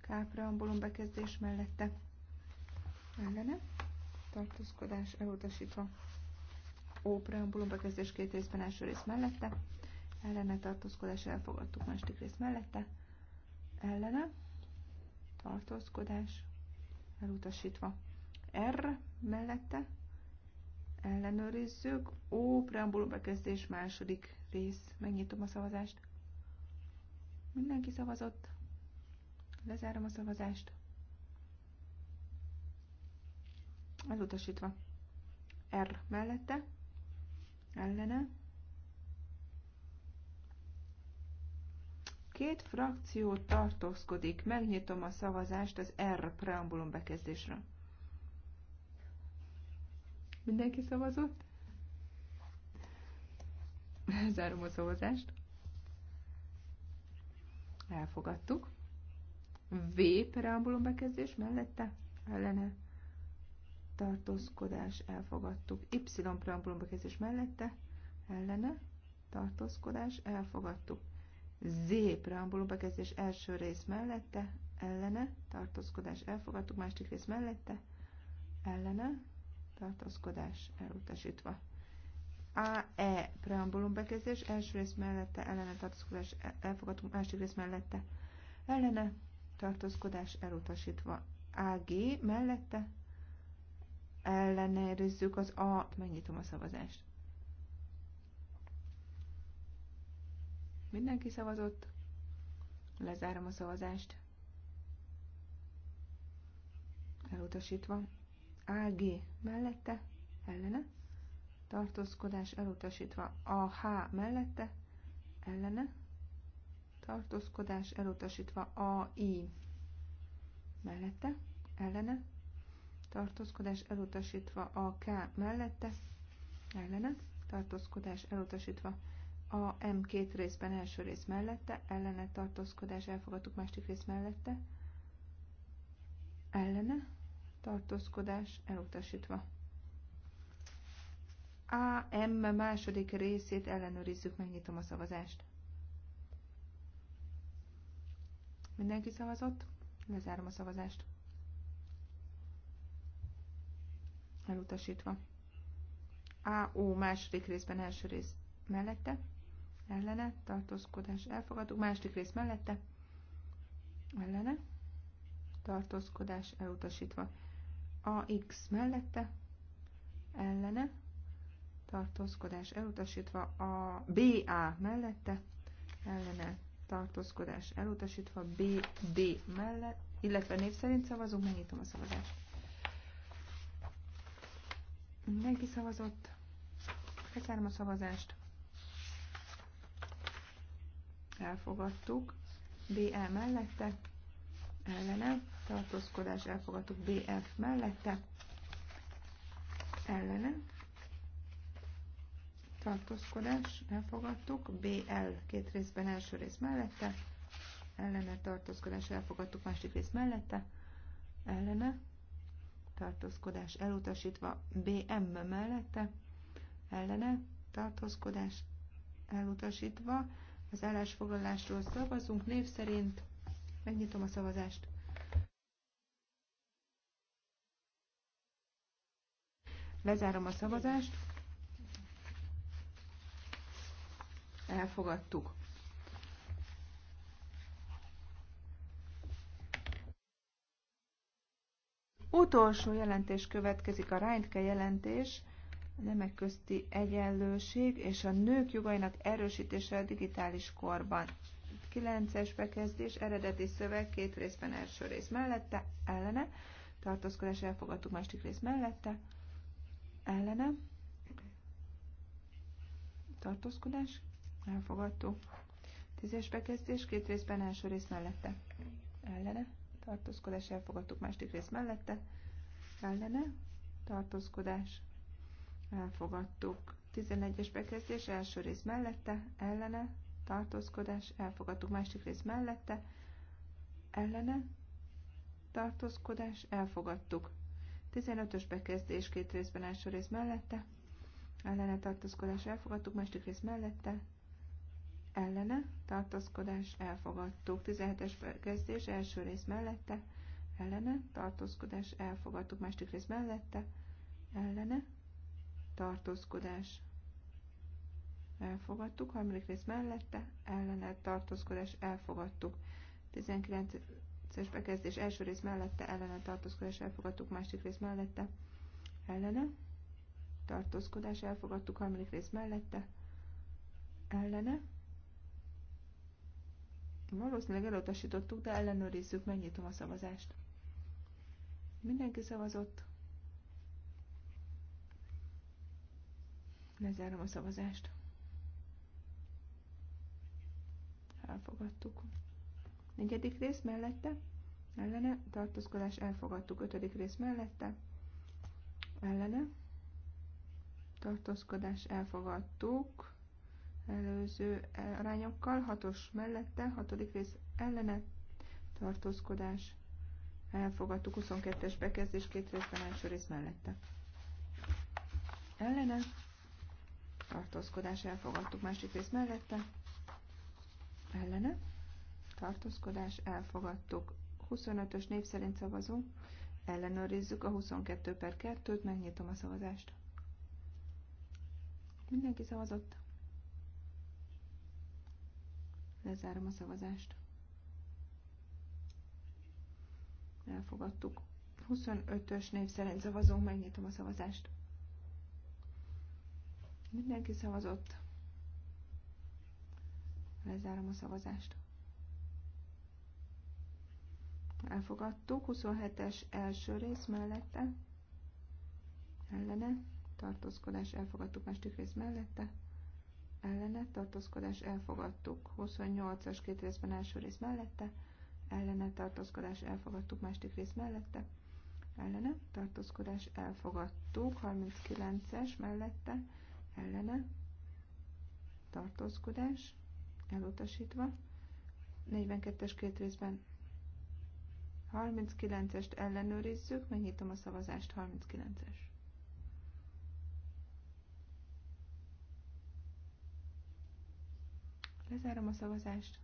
K preambulum bekezdés mellette ellene tartózkodás elutasítva, O preambulum bekezdés két részben első rész mellette ellene tartózkodás elfogadtuk, másik rész mellette ellene, tartózkodás, elutasítva. R mellette, ellenőrizzük, ó, preambuló bekezdés második rész, megnyitom a szavazást. Mindenki szavazott, lezárom a szavazást. Elutasítva. R mellette, ellene, Két frakció tartózkodik. Megnyitom a szavazást az R preambulum bekezdésre. Mindenki szavazott? Zárom a szavazást. Elfogadtuk. V preambulum bekezdés mellette ellene tartózkodás elfogadtuk. Y preambulum bekezdés mellette ellene tartózkodás elfogadtuk. Z preambulum bekezdés első rész mellette, ellene, tartózkodás elfogadtuk, másik rész mellette, ellene, tartózkodás elutasítva. AE preambulum bekezdés első rész mellette, ellene, tartózkodás e- elfogadtuk, másik rész mellette, ellene, tartózkodás elutasítva. AG mellette, ellenőrizzük az A-t, megnyitom a szavazást. Mindenki szavazott. Lezárom a szavazást. Elutasítva. AG mellette, ellene. Tartózkodás elutasítva. AH mellette, ellene. Tartózkodás elutasítva. AI mellette, ellene. Tartózkodás elutasítva. AK mellette, ellene. Tartózkodás elutasítva. A M két részben első rész mellette, ellene tartózkodás elfogadtuk másik rész mellette, ellene tartózkodás elutasítva. A M második részét ellenőrizzük, megnyitom a szavazást. Mindenki szavazott? Lezárom a szavazást. Elutasítva. A O második részben első rész mellette ellene, tartózkodás elfogadtuk, második rész mellette, ellene, tartózkodás elutasítva, AX mellette, ellene, tartózkodás elutasítva, a BA mellette, ellene, tartózkodás elutasítva, BD mellett, illetve név szerint szavazunk, megnyitom a szavazást. Mindenki szavazott, köszönöm a szavazást elfogadtuk, BL e mellette, ellene, tartózkodás, elfogadtuk, BF mellette, ellene, tartózkodás, elfogadtuk, BL két részben első rész mellette, ellene tartózkodás, elfogadtuk másik rész mellette, ellene, tartózkodás elutasítva, BM mellette, ellene, tartózkodás elutasítva, az állásfoglalásról szavazunk név szerint. Megnyitom a szavazást. Lezárom a szavazást. Elfogadtuk. Utolsó jelentés következik, a Reintke jelentés nemek közti egyenlőség és a nők jogainak erősítése a digitális korban. 9-es bekezdés, eredeti szöveg, két részben első rész mellette, ellene, tartózkodás elfogadtuk másik rész mellette, ellene, tartózkodás, elfogadtuk. 10-es bekezdés, két részben első rész mellette, ellene, tartózkodás, elfogadtuk másik rész mellette, ellene, tartózkodás, elfogadtuk. 11-es bekezdés első rész mellette, ellene, tartózkodás, elfogadtuk. Másik rész mellette, ellene, tartózkodás, elfogadtuk. 15-ös bekezdés két részben első rész mellette, ellene tartózkodás, elfogadtuk. Másik rész mellette, ellene, tartózkodás, elfogadtuk. 17-es bekezdés első rész mellette, ellene, tartózkodás, elfogadtuk. Másik rész mellette, ellene, tartózkodás elfogadtuk, harmadik rész mellette, ellene tartózkodás elfogadtuk. 19-es bekezdés első rész mellette, ellene tartózkodás elfogadtuk, másik rész mellette, ellene tartózkodás elfogadtuk, harmadik rész mellette, ellene. Valószínűleg elutasítottuk, de ellenőrizzük, megnyitom a szavazást. Mindenki szavazott. Lezárom a szavazást. Elfogadtuk. Negyedik rész mellette, ellene, tartózkodás elfogadtuk. Ötödik rész mellette, ellene, tartózkodás elfogadtuk. Előző arányokkal, hatos mellette, hatodik rész ellene, tartózkodás elfogadtuk. 22-es bekezdés, két részben első rész mellette. Ellene, tartózkodás elfogadtuk, másik rész mellette, ellene, tartózkodás elfogadtuk, 25-ös név szerint szavazunk, ellenőrizzük a 22 per 2-t, megnyitom a szavazást. Mindenki szavazott? Lezárom a szavazást. Elfogadtuk. 25-ös név szerint szavazunk, megnyitom a szavazást. Mindenki szavazott. Lezárom a szavazást. Elfogadtuk. 27-es első rész mellette. Ellene. Tartózkodás. Elfogadtuk második rész mellette. Ellene. Tartózkodás. Elfogadtuk. 28-as két részben első rész mellette. Ellene. Tartózkodás. Elfogadtuk második rész mellette ellene, tartózkodás elfogadtuk, 39-es mellette, ellene, tartózkodás, elutasítva, 42-es két részben 39-est ellenőrizzük, megnyitom a szavazást 39-es. Lezárom a szavazást.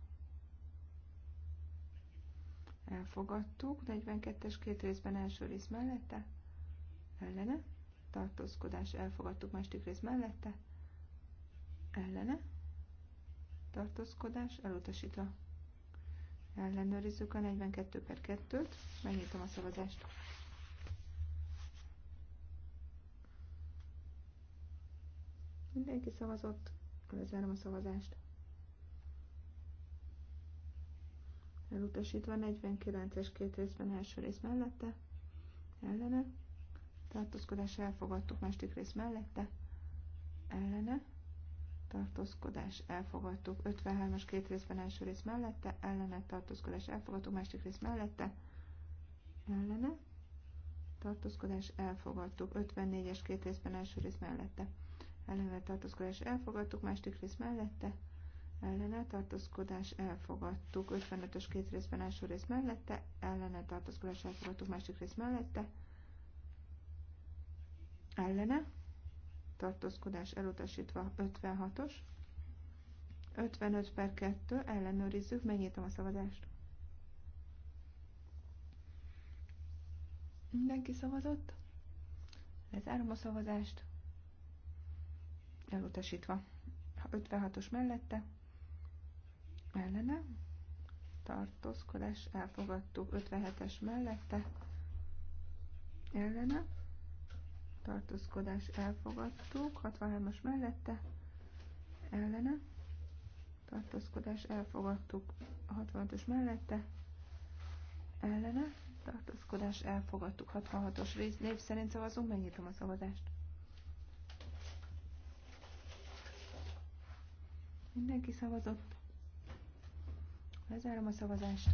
Elfogadtuk, 42-es két részben első rész mellette, ellene, tartózkodás elfogadtuk másik rész mellette, ellene, tartózkodás elutasítva. Ellenőrizzük a 42 per 2-t, megnyitom a szavazást. Mindenki szavazott, lezárom a szavazást. Elutasítva 49-es két részben első rész mellette, ellene, tartózkodás elfogadtuk, második rész mellette, ellene, tartózkodás elfogadtuk, 53-as két részben első rész mellette, ellene, tartózkodás elfogadtuk, második rész mellette, ellene, tartózkodás elfogadtuk, 54-es két részben első rész mellette, ellene, tartózkodás elfogadtuk, második rész mellette, ellene tartózkodás elfogadtuk, 55-ös két részben első rész mellette, ellene tartózkodás elfogadtuk, másik rész mellette, ellene, tartózkodás elutasítva 56-os, 55 per 2, ellenőrizzük, megnyitom a szavazást. Mindenki szavazott? Lezárom a szavazást. Elutasítva. 56-os mellette, ellene, tartózkodás, elfogadtuk 57-es mellette, ellene, tartózkodás elfogadtuk, 63-as mellette, ellene, tartózkodás elfogadtuk, 65 os mellette, ellene, tartózkodás elfogadtuk, 66-os rész, név szerint szavazunk, megnyitom a szavazást. Mindenki szavazott. Lezárom a szavazást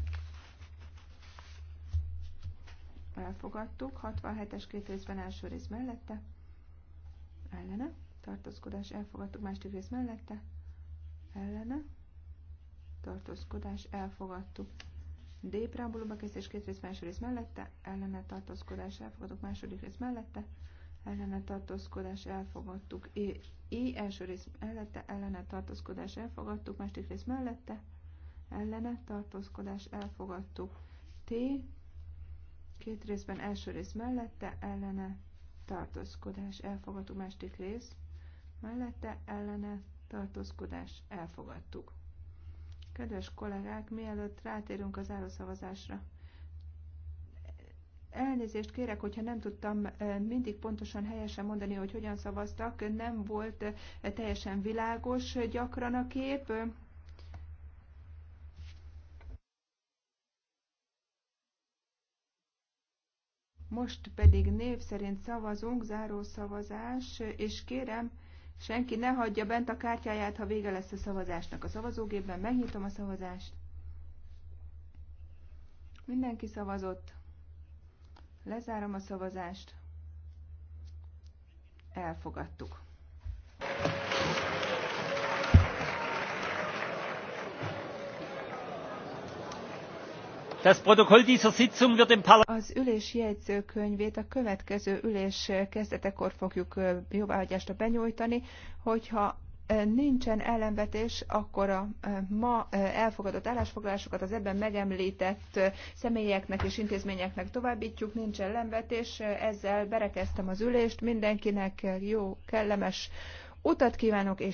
elfogadtuk, 67-es két részben első rész mellette, ellene, tartózkodás, elfogadtuk második rész mellette, ellene, tartózkodás, elfogadtuk. D preambulum kezdés két rész első rész mellette, ellene tartózkodás, elfogadtuk második rész mellette, ellene tartózkodás, elfogadtuk. I, e, I első rész mellette, ellene tartózkodás, elfogadtuk második rész mellette, ellene tartózkodás, elfogadtuk. T Két részben első rész mellette, ellene, tartózkodás, elfogadtuk. Második rész mellette, ellene, tartózkodás, elfogadtuk. Kedves kollégák, mielőtt rátérünk az árószavazásra, Elnézést kérek, hogyha nem tudtam eh, mindig pontosan helyesen mondani, hogy hogyan szavaztak, nem volt eh, teljesen világos eh, gyakran a kép. Most pedig név szerint szavazunk, záró szavazás, és kérem, senki ne hagyja bent a kártyáját, ha vége lesz a szavazásnak. A szavazógépben megnyitom a szavazást. Mindenki szavazott. Lezárom a szavazást. Elfogadtuk. Az ülés jegyzőkönyvét a következő ülés kezdetekor fogjuk jóváhagyásra benyújtani, hogyha nincsen ellenvetés, akkor a ma elfogadott állásfoglalásokat az ebben megemlített személyeknek és intézményeknek továbbítjuk, nincs ellenvetés, ezzel berekeztem az ülést, mindenkinek jó, kellemes utat kívánok, és